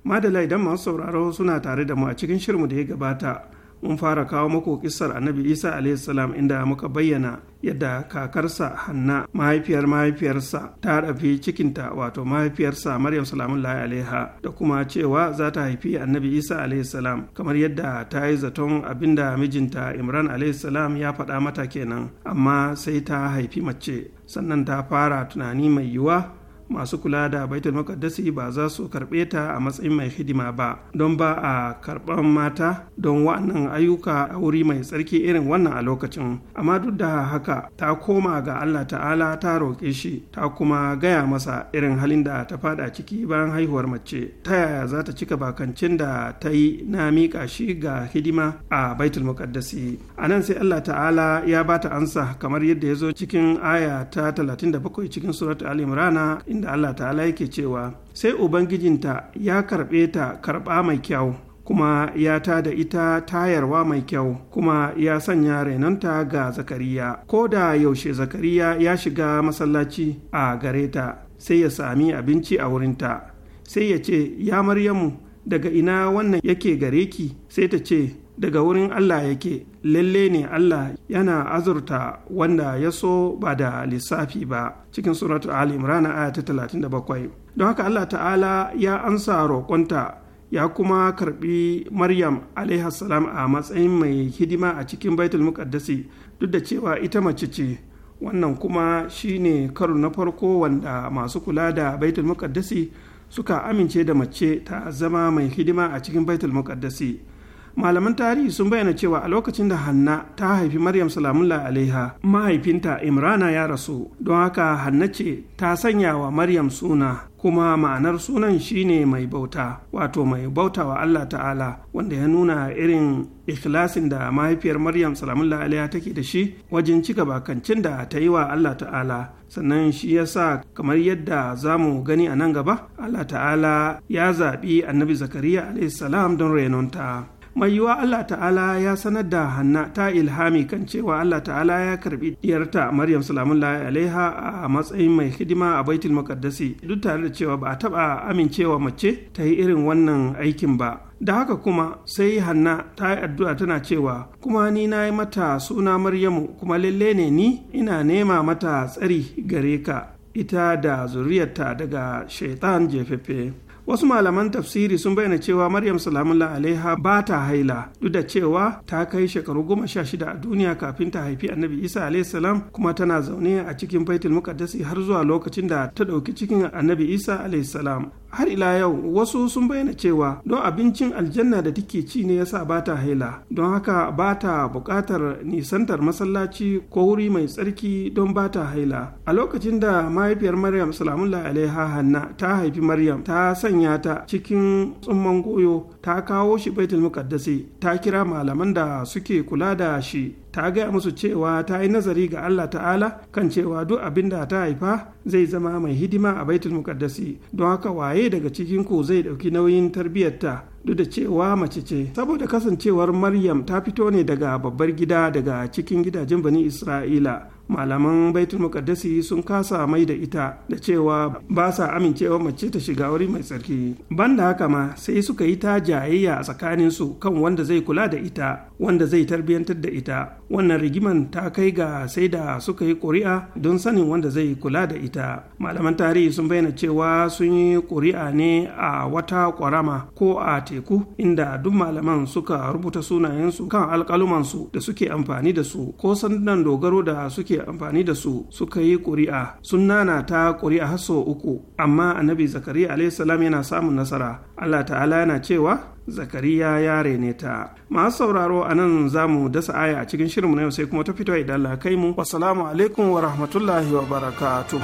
madala idan masu sauraro suna tare da mu a cikin shirmu da ya gabata mun fara kawo mako kissar annabi isa alaihissalam inda muka bayyana yadda kakarsa hanna mahaifiyar mahaifiyarsa ta ɗafi cikinta wato mahaifiyarsa maryam salamullahi alaiha da kuma cewa za ta haifi annabi isa alaihissalam kamar yadda ta yi zaton abinda mijinta imran alaihissalam ya faɗa mata kenan amma sai ta haifi mace sannan ta fara tunani mai yiwuwa masu kula da baitul makaddasi ba za su karɓe ta a matsayin mai hidima ba don ba a karɓan mata don wa'annan ayyuka a wuri mai tsarki irin wannan a lokacin amma duk da haka ta koma ga allah ta'ala ta roƙe shi ta kuma gaya masa irin halin da ta fada ciki bayan haihuwar mace ta yaya za ta cika bakancin da ta yi na miƙa shi ga hidima a baitul makaddasi a nan sai allah ta'ala ya ba ta ansa kamar yadda ya zo cikin aya ta 37 cikin suratul al-imrana Da Allah ta'ala yake cewa sai ubangijinta ya karɓe ta karɓa mai kyau kuma ya ta da ita tayarwa mai kyau kuma ya sanya renonta ga zakariya ko da yaushe zakariya ya shiga masallaci a gare ta sai ya sami abinci a wurinta sai ya ce ya maryamu daga ina wannan yake gare ki sai ta ce daga wurin Allah yake lalle ne Allah yana azurta wanda ya so ba da lissafi ba cikin suratu Ali Imran aya ta 37 don haka Allah ta'ala ya ansa roƙonta ya kuma karbi Maryam salam a matsayin mai hidima a cikin Baitul Muqaddasi duk da cewa ita mace ce wannan kuma shine karo na farko wanda masu kula da Baitul Muqaddasi suka amince da mace ta zama mai hidima a cikin Baitul Muqaddasi malaman tarihi sun bayyana cewa a lokacin da hanna ta haifi maryam salamullah alaiha mahaifinta imrana ya rasu don haka hanna ce ta sanya wa maryam suna kuma ma'anar sunan shine mai bauta wato mai bauta wa allah ta'ala wanda ya nuna irin ikhlasin da mahaifiyar maryam salamullah alaiha take da shi wajen cika bakancin da ta yi wa allah ta'ala sannan shi ya sa kamar yadda za mu gani a nan gaba allah ta'ala ya zaɓi annabi zakariya alaihi salam don renonta mai yiwuwa Allah ta'ala ya sanar da hanna ta ilhami kan cewa Allah ta'ala ya karbi diyarta Maryam salamullahi alaiha a matsayin mai hidima a baitul makaddasi duk tare da cewa ba a taba amincewa mace ta yi irin wannan aikin ba da haka kuma sai hanna ta yi addu'a tana cewa kuma ni na yi mata suna maryamu kuma lalle ne ni ina nema mata tsari gare ka ita da zuriyarta daga shaitan jefefe wasu malaman tafsiri sun bayyana cewa maryam salamullah alaiha ba ta haila duk da cewa ta kai shekaru goma sha shida a duniya kafin ta haifi annabi isa alaihi salam kuma tana zaune a cikin baitul muqaddasi har zuwa lokacin da ta ɗauki cikin annabi isa alaihi salam har ila yau wasu sun bayyana cewa don abincin aljanna da take ci ne yasa ba ta haila don haka ba ta buƙatar nisantar masallaci ko wuri mai tsarki don ba ta haila a lokacin da mahaifiyar maryam salamullahi alaiha hanna ta haifi maryam ta sanya ta cikin tsumman goyo ta kawo shi baitul mukaddasi ta kira malaman da suke kula da shi ta gaya musu cewa ta yi nazari ga Allah ta'ala kan cewa duk abin da ta haifa zai zama mai hidima a baitul mukaddasi don haka waye daga cikin ku zai dauki nauyin tarbiyyarta duk da cewa mace ce saboda kasancewar maryam ta fito ne daga babbar gida daga cikin gidajen bani isra'ila malaman baitul makaddasi sun kasa mai da ita da cewa ba sa amincewa mace ta shiga wuri mai tsarki banda haka ma sai suka yi ta jayayya a tsakaninsu kan wanda zai kula da ita wanda zai tarbiyantar da ita wannan rigiman ta kai ga sai da suka yi ƙuri'a don sanin wanda zai kula da ita malaman tarihi sun bayyana cewa sun yi ƙuri'a ne a wata ƙwarama ko a teku inda duk malaman suka rubuta sunayensu kan alƙalumansu da suke amfani da su ko sandunan dogaro da suke amfani da su suka yi ƙuri'a sun nana ta ƙuri'a har sau uku amma annabi zakariya alaihissalam yana samun nasara allah ta'ala yana cewa zakariya ya rene ta masu sauraro a nan za mu dasa aya a cikin shirinmu na yau sai kuma ta fito idan la kai mu wasalamu alaikum wa rahmatullahi wa barakatuh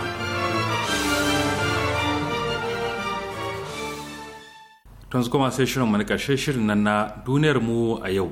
tunzu kuma sai shirin mani ƙarshe shirin nan na duniyar mu a yau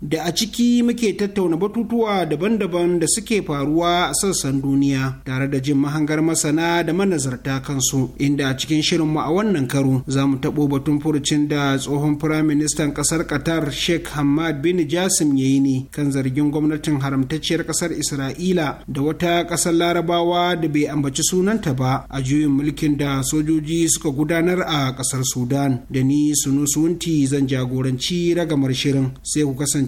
da a ciki muke tattauna batutuwa daban-daban da suke faruwa a sassan duniya tare da jin mahangar masana da manazarta kansu inda a cikin shirinmu a wannan karo za mu taɓo batun furucin da tsohon firaministan ƙasar qatar sheikh hamad bin jasim ya yi ne kan zargin gwamnatin haramtacciyar ƙasar isra'ila da wata ƙasar larabawa da bai ambaci sunanta ba a juyin mulkin da sojoji suka gudanar a ƙasar sudan da ni sunusunti zan jagoranci ragamar shirin sai ku kasance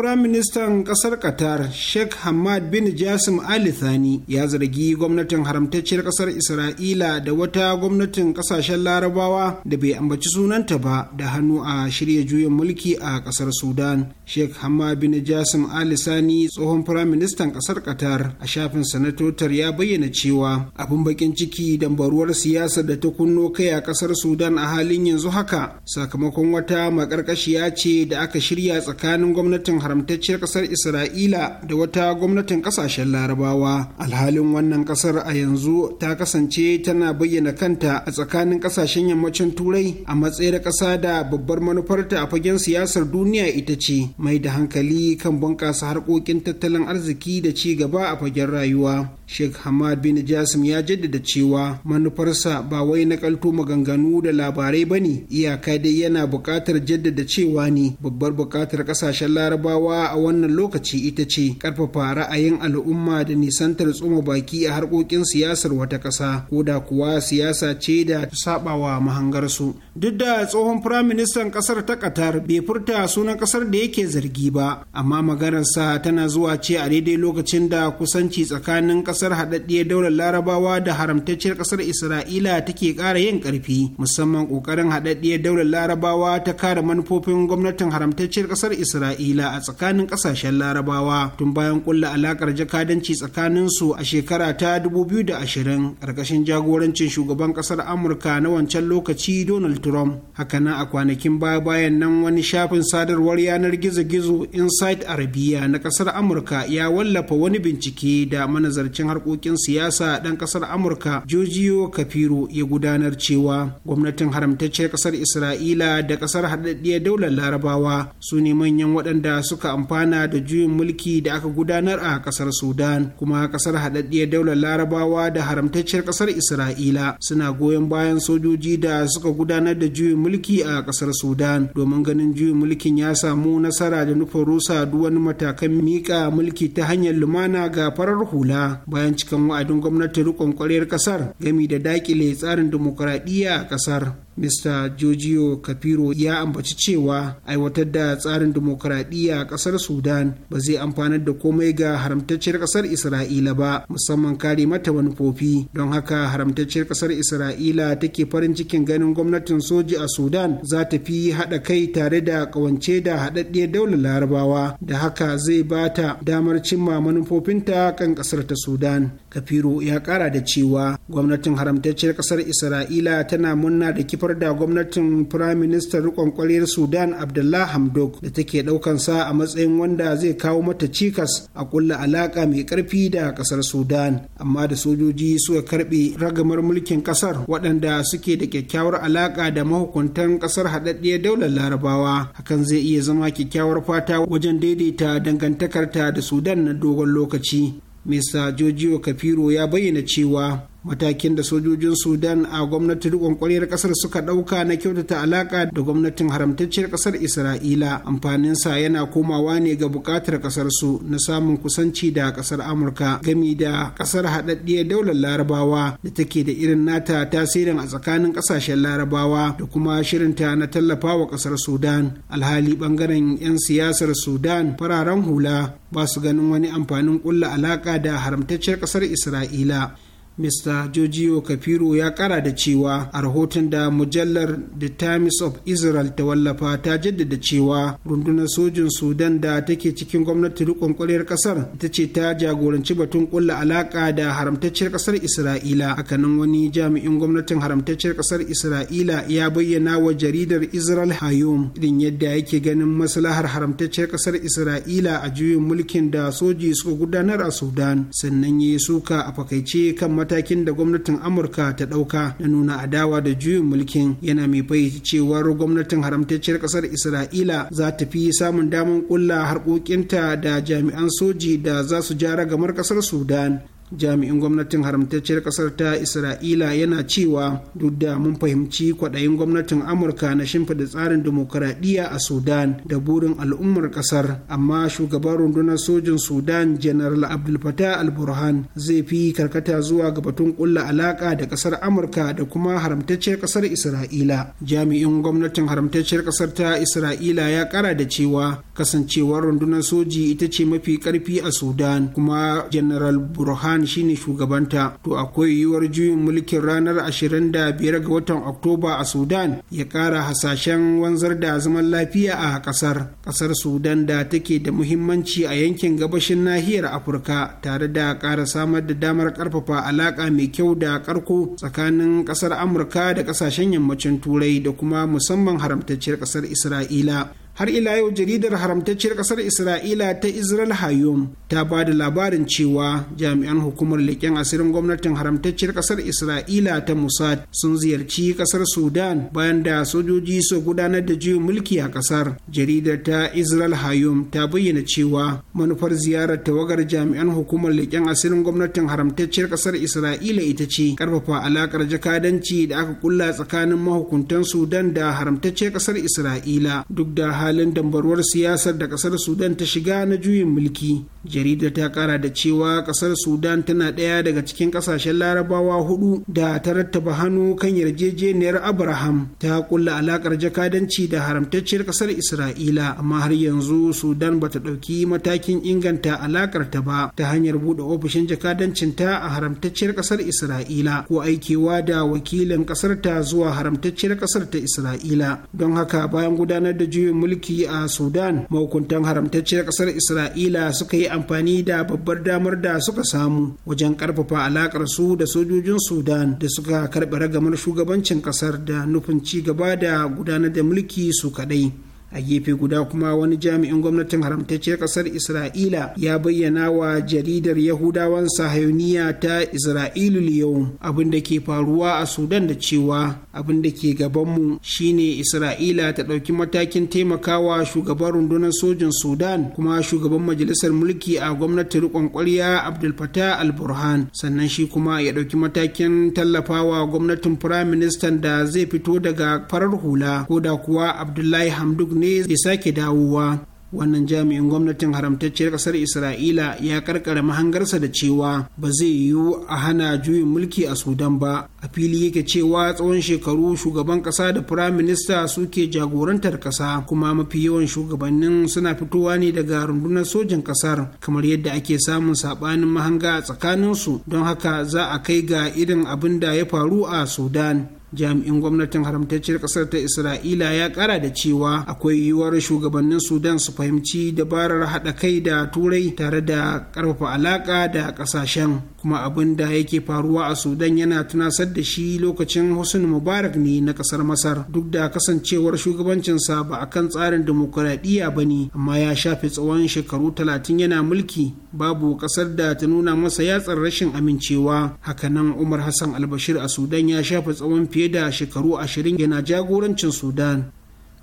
firaministan ƙasar qatar sheikh hamad bin jasim ali thani ya zargi gwamnatin haramtacciyar ƙasar isra'ila da wata gwamnatin ƙasashen larabawa da bai ambaci sunanta ba da hannu a shirya juyin mulki a ƙasar sudan sheikh hamad bin jasim ali thani tsohon firaministan ƙasar qatar a shafin sanatotar ya bayyana cewa abin bakin ciki dambaruwar siyasa, da ta kunno kai a ƙasar sudan a halin yanzu haka sakamakon wata maƙarƙashiya ce da aka shirya tsakanin gwamnatin haramtacciyar kasar isra'ila da wata gwamnatin kasashen larabawa alhalin wannan kasar a yanzu ta kasance tana bayyana kanta a tsakanin kasashen yammacin turai a matsayin kasa da babbar manufarta a fagen siyasar duniya ita ce mai da hankali kan bunƙasa harkokin tattalin arziki da ci gaba a fagen rayuwa sheikh hamad bin jasim ya jaddada cewa manufarsa ba wai na kalto maganganu da labarai bane iyaka dai yana buƙatar jaddada cewa ne babbar buƙatar ƙasashen larabawa hawa a wannan lokaci ita ce karfafa ra'ayin al'umma da nisantar tsoma baki a harkokin siyasar wata ƙasa ko da kuwa siyasa ce da sabawa mahangarsu duk da tsohon firaministan ƙasar ta qatar bai furta sunan ƙasar da yake zargi ba amma maganarsa tana zuwa ce a daidai lokacin da kusanci tsakanin ƙasar haɗaɗɗiyar daular larabawa da haramtacciyar ƙasar isra'ila take ƙara yin ƙarfi musamman ƙoƙarin haɗaɗɗiyar daular larabawa ta kare manufofin gwamnatin haramtacciyar ƙasar isra'ila a tsakanin ƙasashen larabawa tun bayan kulla alakar jakadanci su a shekara ta 2020 ƙarƙashin jagorancin shugaban ƙasar amurka na wancan lokaci donald trump hakanan a kwanakin baya bayan nan wani shafin sadarwar yanar gizo-gizo inside arabiya na ƙasar amurka ya wallafa wani bincike da manazarcin harkokin siyasa ɗan ƙasar amurka jojiyo kafiro ya gudanar cewa gwamnatin haramtacciyar ƙasar isra'ila da ƙasar haɗaɗɗiyar daular larabawa su ne manyan waɗanda suka suka amfana da juyin mulki da aka gudanar a kasar sudan kuma kasar haɗaɗɗiyar daular larabawa da haramtacciyar kasar isra'ila suna goyon bayan sojoji da suka gudanar da juyin mulki a kasar sudan domin ganin juyin mulkin ya samu nasara da nufin rusa duk wani matakan miƙa mulki ta hanyar lumana ga farar hula bayan cikan wa'adin gwamnati riƙon ƙwaryar kasar gami da daƙile tsarin dimokuraɗiyya a kasar Mista Giorgio Capiro ya ambaci cewa aiwatar da tsarin dimokuraɗiyya a ƙasar Sudan ba zai amfanar da komai ga haramtacciyar ƙasar Isra'ila ba musamman kare mata manufofi don haka haramtacciyar ƙasar Isra'ila take farin cikin ganin gwamnatin soji a Sudan za ta fi haɗa kai tare da ƙawance da haɗaɗɗiyar daular larabawa da haka zai ba ta damar cimma manufofinta kan ƙasar ta Sudan. kafiru ya ƙara da cewa gwamnatin haramtacciyar ƙasar Isra'ila tana munna da kifar da gwamnatin firayim ministan rikon kwaliyar sudan abdullah hamdok da take daukansa a matsayin wanda zai kawo mata cikas a kulla alaka mai karfi da kasar sudan amma da sojoji suka karbe ragamar mulkin kasar waɗanda suke da kyakkyawar alaka da mahukuntan kasar haɗaɗɗiyar daular larabawa hakan zai iya zama kyakkyawar fata wajen daidaita dangantakarta da sudan na dogon lokaci Mista Jojiyo Kafiro ya bayyana cewa matakin da sojojin sudan a gwamnatin rikon kwaryar kasar suka ɗauka na kyautata alaƙa da gwamnatin haramtacciyar kasar isra'ila amfaninsa yana komawa ne ga buƙatar kasar su na samun kusanci da kasar amurka gami da kasar haɗaɗɗiyar daular larabawa da take da irin nata tasirin a tsakanin ƙasashen larabawa da kuma shirinta na tallafa wa kasar sudan alhali ɓangaren 'yan siyasar sudan fararen hula ba su ganin wani amfanin ƙulla alaƙa da haramtacciyar kasar isra'ila Mr. Jojiyo kafiro ya kara da cewa a rahoton da mujallar The Times of Israel ta wallafa ta jaddada cewa rundunar sojin Sudan da take cikin gwamnati rikon kwarewar kasar ita ce ta jagoranci batun kulla alaka da haramtacciyar kasar Isra'ila hakanan wani jami'in gwamnatin haramtacciyar kasar Isra'ila ya bayyana wa jaridar Israel Hayom irin yadda yake ganin maslahar haramtacciyar kasar Isra'ila a juyin mulkin da soji suka gudanar a Sudan sannan ya suka a fakaice kan matakin da gwamnatin amurka ta ɗauka na nuna adawa da juyin mulkin yana mai fahimci cewar gwamnatin haramtacciyar ƙasar isra'ila za ta fi samun damar ƙulla harkokinta da jami'an soji da za su jara gamar ƙasar sudan jami'in gwamnatin haramtacciyar kasar ta isra'ila yana cewa duk da mun fahimci kwaɗayin gwamnatin amurka na shimfiɗa tsarin dimokuraɗiyya a sudan da burin al'ummar ƙasar amma shugaban rundunar sojin sudan general abdul fatah al-burhan zai fi karkata zuwa ga batun kulla alaka da ƙasar amurka da kuma haramtacciyar kasar isra'ila jami'in gwamnatin haramtacciyar kasar ta isra'ila ya kara da cewa kasancewar rundunar soji ita ce mafi ƙarfi a sudan kuma general burhan iran shine shugabanta to akwai yiwuwar juyin mulkin ranar 25 ga watan oktoba a sudan ya kara hasashen wanzar da zaman lafiya a kasar kasar sudan da take da muhimmanci a yankin gabashin nahiyar afirka tare da kara samar da damar karfafa alaka mai kyau da karko tsakanin kasar amurka da kasashen yammacin turai da kuma musamman haramtacciyar kasar isra'ila har ila yau jaridar haramtacciyar kasar isra'ila ta israel hayom ta ba da labarin cewa jami'an hukumar leƙen asirin gwamnatin haramtacciyar kasar isra'ila ta musad sun ziyarci kasar sudan bayan da sojoji su gudanar da juyin mulki a kasar jaridar ta israel hayom ta bayyana cewa manufar ziyarar tawagar jami'an hukumar leƙen asirin gwamnatin haramtacciyar kasar isra'ila ita ce karfafa alakar jakadanci da aka kulla tsakanin mahukuntan sudan da haramtacciyar kasar isra'ila duk da halin dambarwar siyasar da kasar sudan ta shiga na juyin mulki jaridar ta kara da cewa kasar sudan tana ɗaya daga cikin kasashen larabawa hudu da ta rattaba hannu kan yarjejeniyar abraham ta kulla alakar jakadanci da haramtacciyar kasar isra'ila amma har yanzu sudan bata ɗauki matakin inganta alakar ta ba ta hanyar buɗe ofishin jakadancin ta a haramtacciyar kasar isra'ila ko aikewa da wakilin kasar ta zuwa haramtacciyar kasar ta isra'ila don haka bayan gudanar da juyin mulki a sudan mahukuntan haramtacciyar kasar isra'ila suka yi amfani da babbar damar da suka samu wajen karfafa alakar su da sojojin sudan da suka karɓi ragamar shugabancin kasar da nufin ci gaba da gudanar da mulki su kadai. a gefe guda kuma wani jami'in gwamnatin haramtacciyar kasar isra'ila ya bayyana wa jaridar yahudawan sahayuniya ta isra'ilul yau abin da ke faruwa a sudan da cewa abin da ke gabanmu shine isra'ila ta ɗauki matakin taimakawa shugaban rundunar sojin sudan kuma shugaban majalisar mulki a gwamnatin riƙon kwarya abdul fatah al burhan sannan shi kuma ya ɗauki matakin tallafawa gwamnatin firaministan da zai fito daga farar hula ko da kuwa abdullahi hamdu ne zai sake dawowa wannan jami'in gwamnatin haramtacciyar kasar isra'ila ya karkara mahangarsa da cewa ba zai yiwu a hana juyin mulki a sudan ba a fili yake cewa tsawon shekaru shugaban kasa da firaminista suke jagorantar kasa kuma mafi yawan shugabannin suna fitowa ne daga rundunar sojin kasar kamar yadda ake samun sabanin mahanga tsakaninsu don haka za a kai ga irin abin da ya faru a sudan jami'in gwamnatin haramtaccen kasar ta isra'ila ya kara da cewa akwai yiwuwar shugabannin sudan su fahimci dabarar haɗa kai da turai tare da ƙarfafa alaƙa da ƙasashen kuma abin da yake faruwa a sudan yana tunasar da shi lokacin hussein mubarak ne na ƙasar masar duk da kasancewar shugabancinsa ba a kan tsarin dimokuraɗiyya ba ne amma ya shafe tsawon shekaru talatin yana mulki babu ƙasar da ta nuna masa yatsar rashin amincewa hakanan umar hassan albashir a sudan ya shafe tsawon fiye fiye da shekaru ashirin yana jagorancin sudan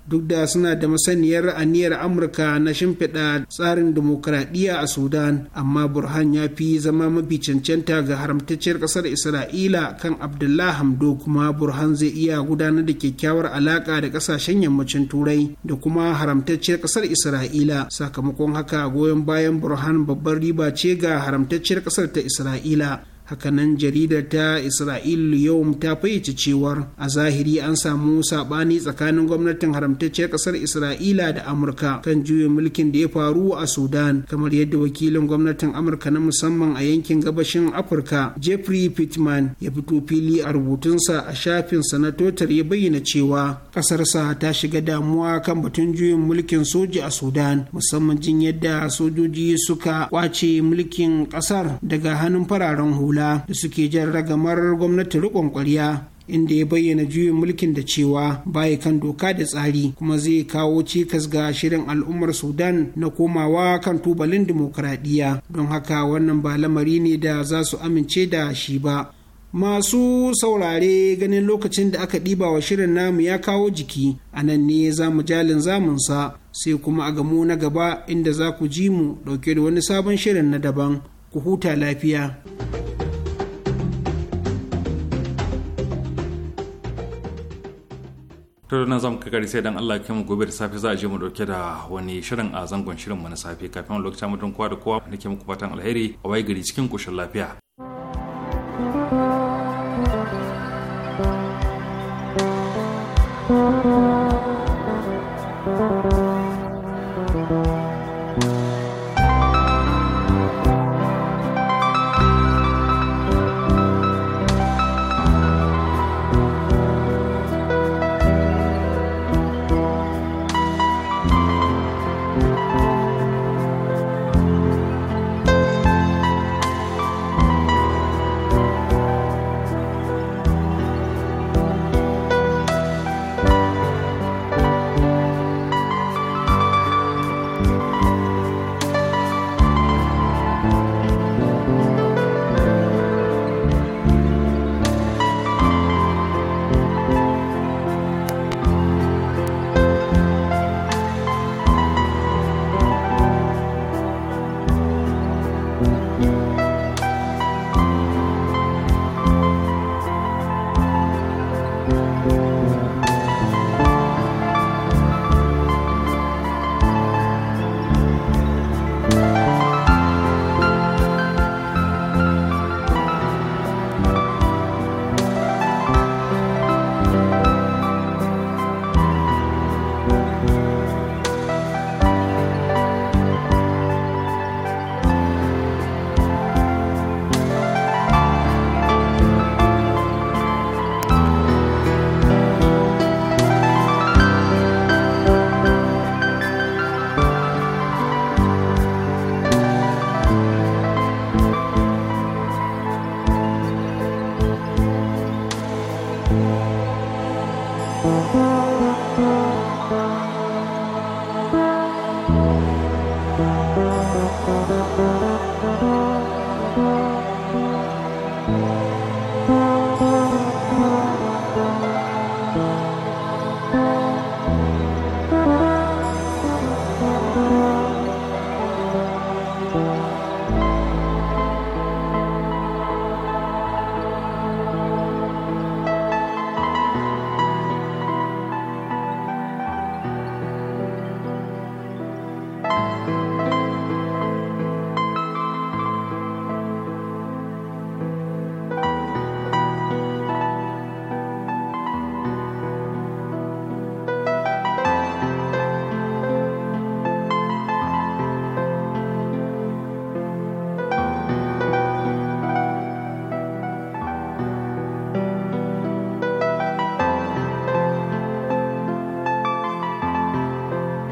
duk da suna da masaniyar ra'aniyar amurka na shimfiɗa tsarin dimokuraɗiyya a sudan amma burhan ya fi zama mafi cancanta ga haramtacciyar ƙasar isra'ila kan abdullah hamdo kuma burhan zai iya gudanar da kyakkyawar alaƙa da ƙasashen yammacin turai da kuma haramtacciyar ƙasar isra'ila sakamakon haka goyon bayan burhan babbar riba ce ga haramtacciyar ƙasar ta isra'ila hakanan jaridar ta isra'il yau ta fayyace cewar a zahiri an samu sabani tsakanin gwamnatin haramtacciyar kasar isra'ila da amurka kan juyin mulkin da ya faru a sudan kamar yadda wakilin gwamnatin amurka na musamman a yankin gabashin afirka jeffrey pittman ya fito fili a rubutunsa a shafin sanatotar ya bayyana cewa kasarsa ta shiga damuwa kan batun juyin mulkin soji a sudan musamman jin yadda sojoji suka kwace mulkin kasar daga hannun fararen hula hula da suke jan ragamar gwamnati rikon kwarya inda ya bayyana juyin mulkin da cewa baya kan doka da tsari kuma zai kawo cikas ga shirin al'ummar sudan na komawa kan tubalin dimokuraɗiyya don haka wannan ba lamari ne da za su amince da shi ba masu saurare ganin lokacin da aka ɗiba wa shirin namu ya kawo jiki a nan ne za mu jalin zamunsa sai kuma a gamo na gaba inda za ku ji mu ɗauke da wani sabon shirin na daban ku huta lafiya. tare nan zamu kai sai dan Allah kai mu gobe da safe za a je mu dauke da wani shirin a zangon shirin mu na safe kafin lokacin mutum kowa da kowa nake muku fatan alheri a waye gari cikin koshin lafiya thank you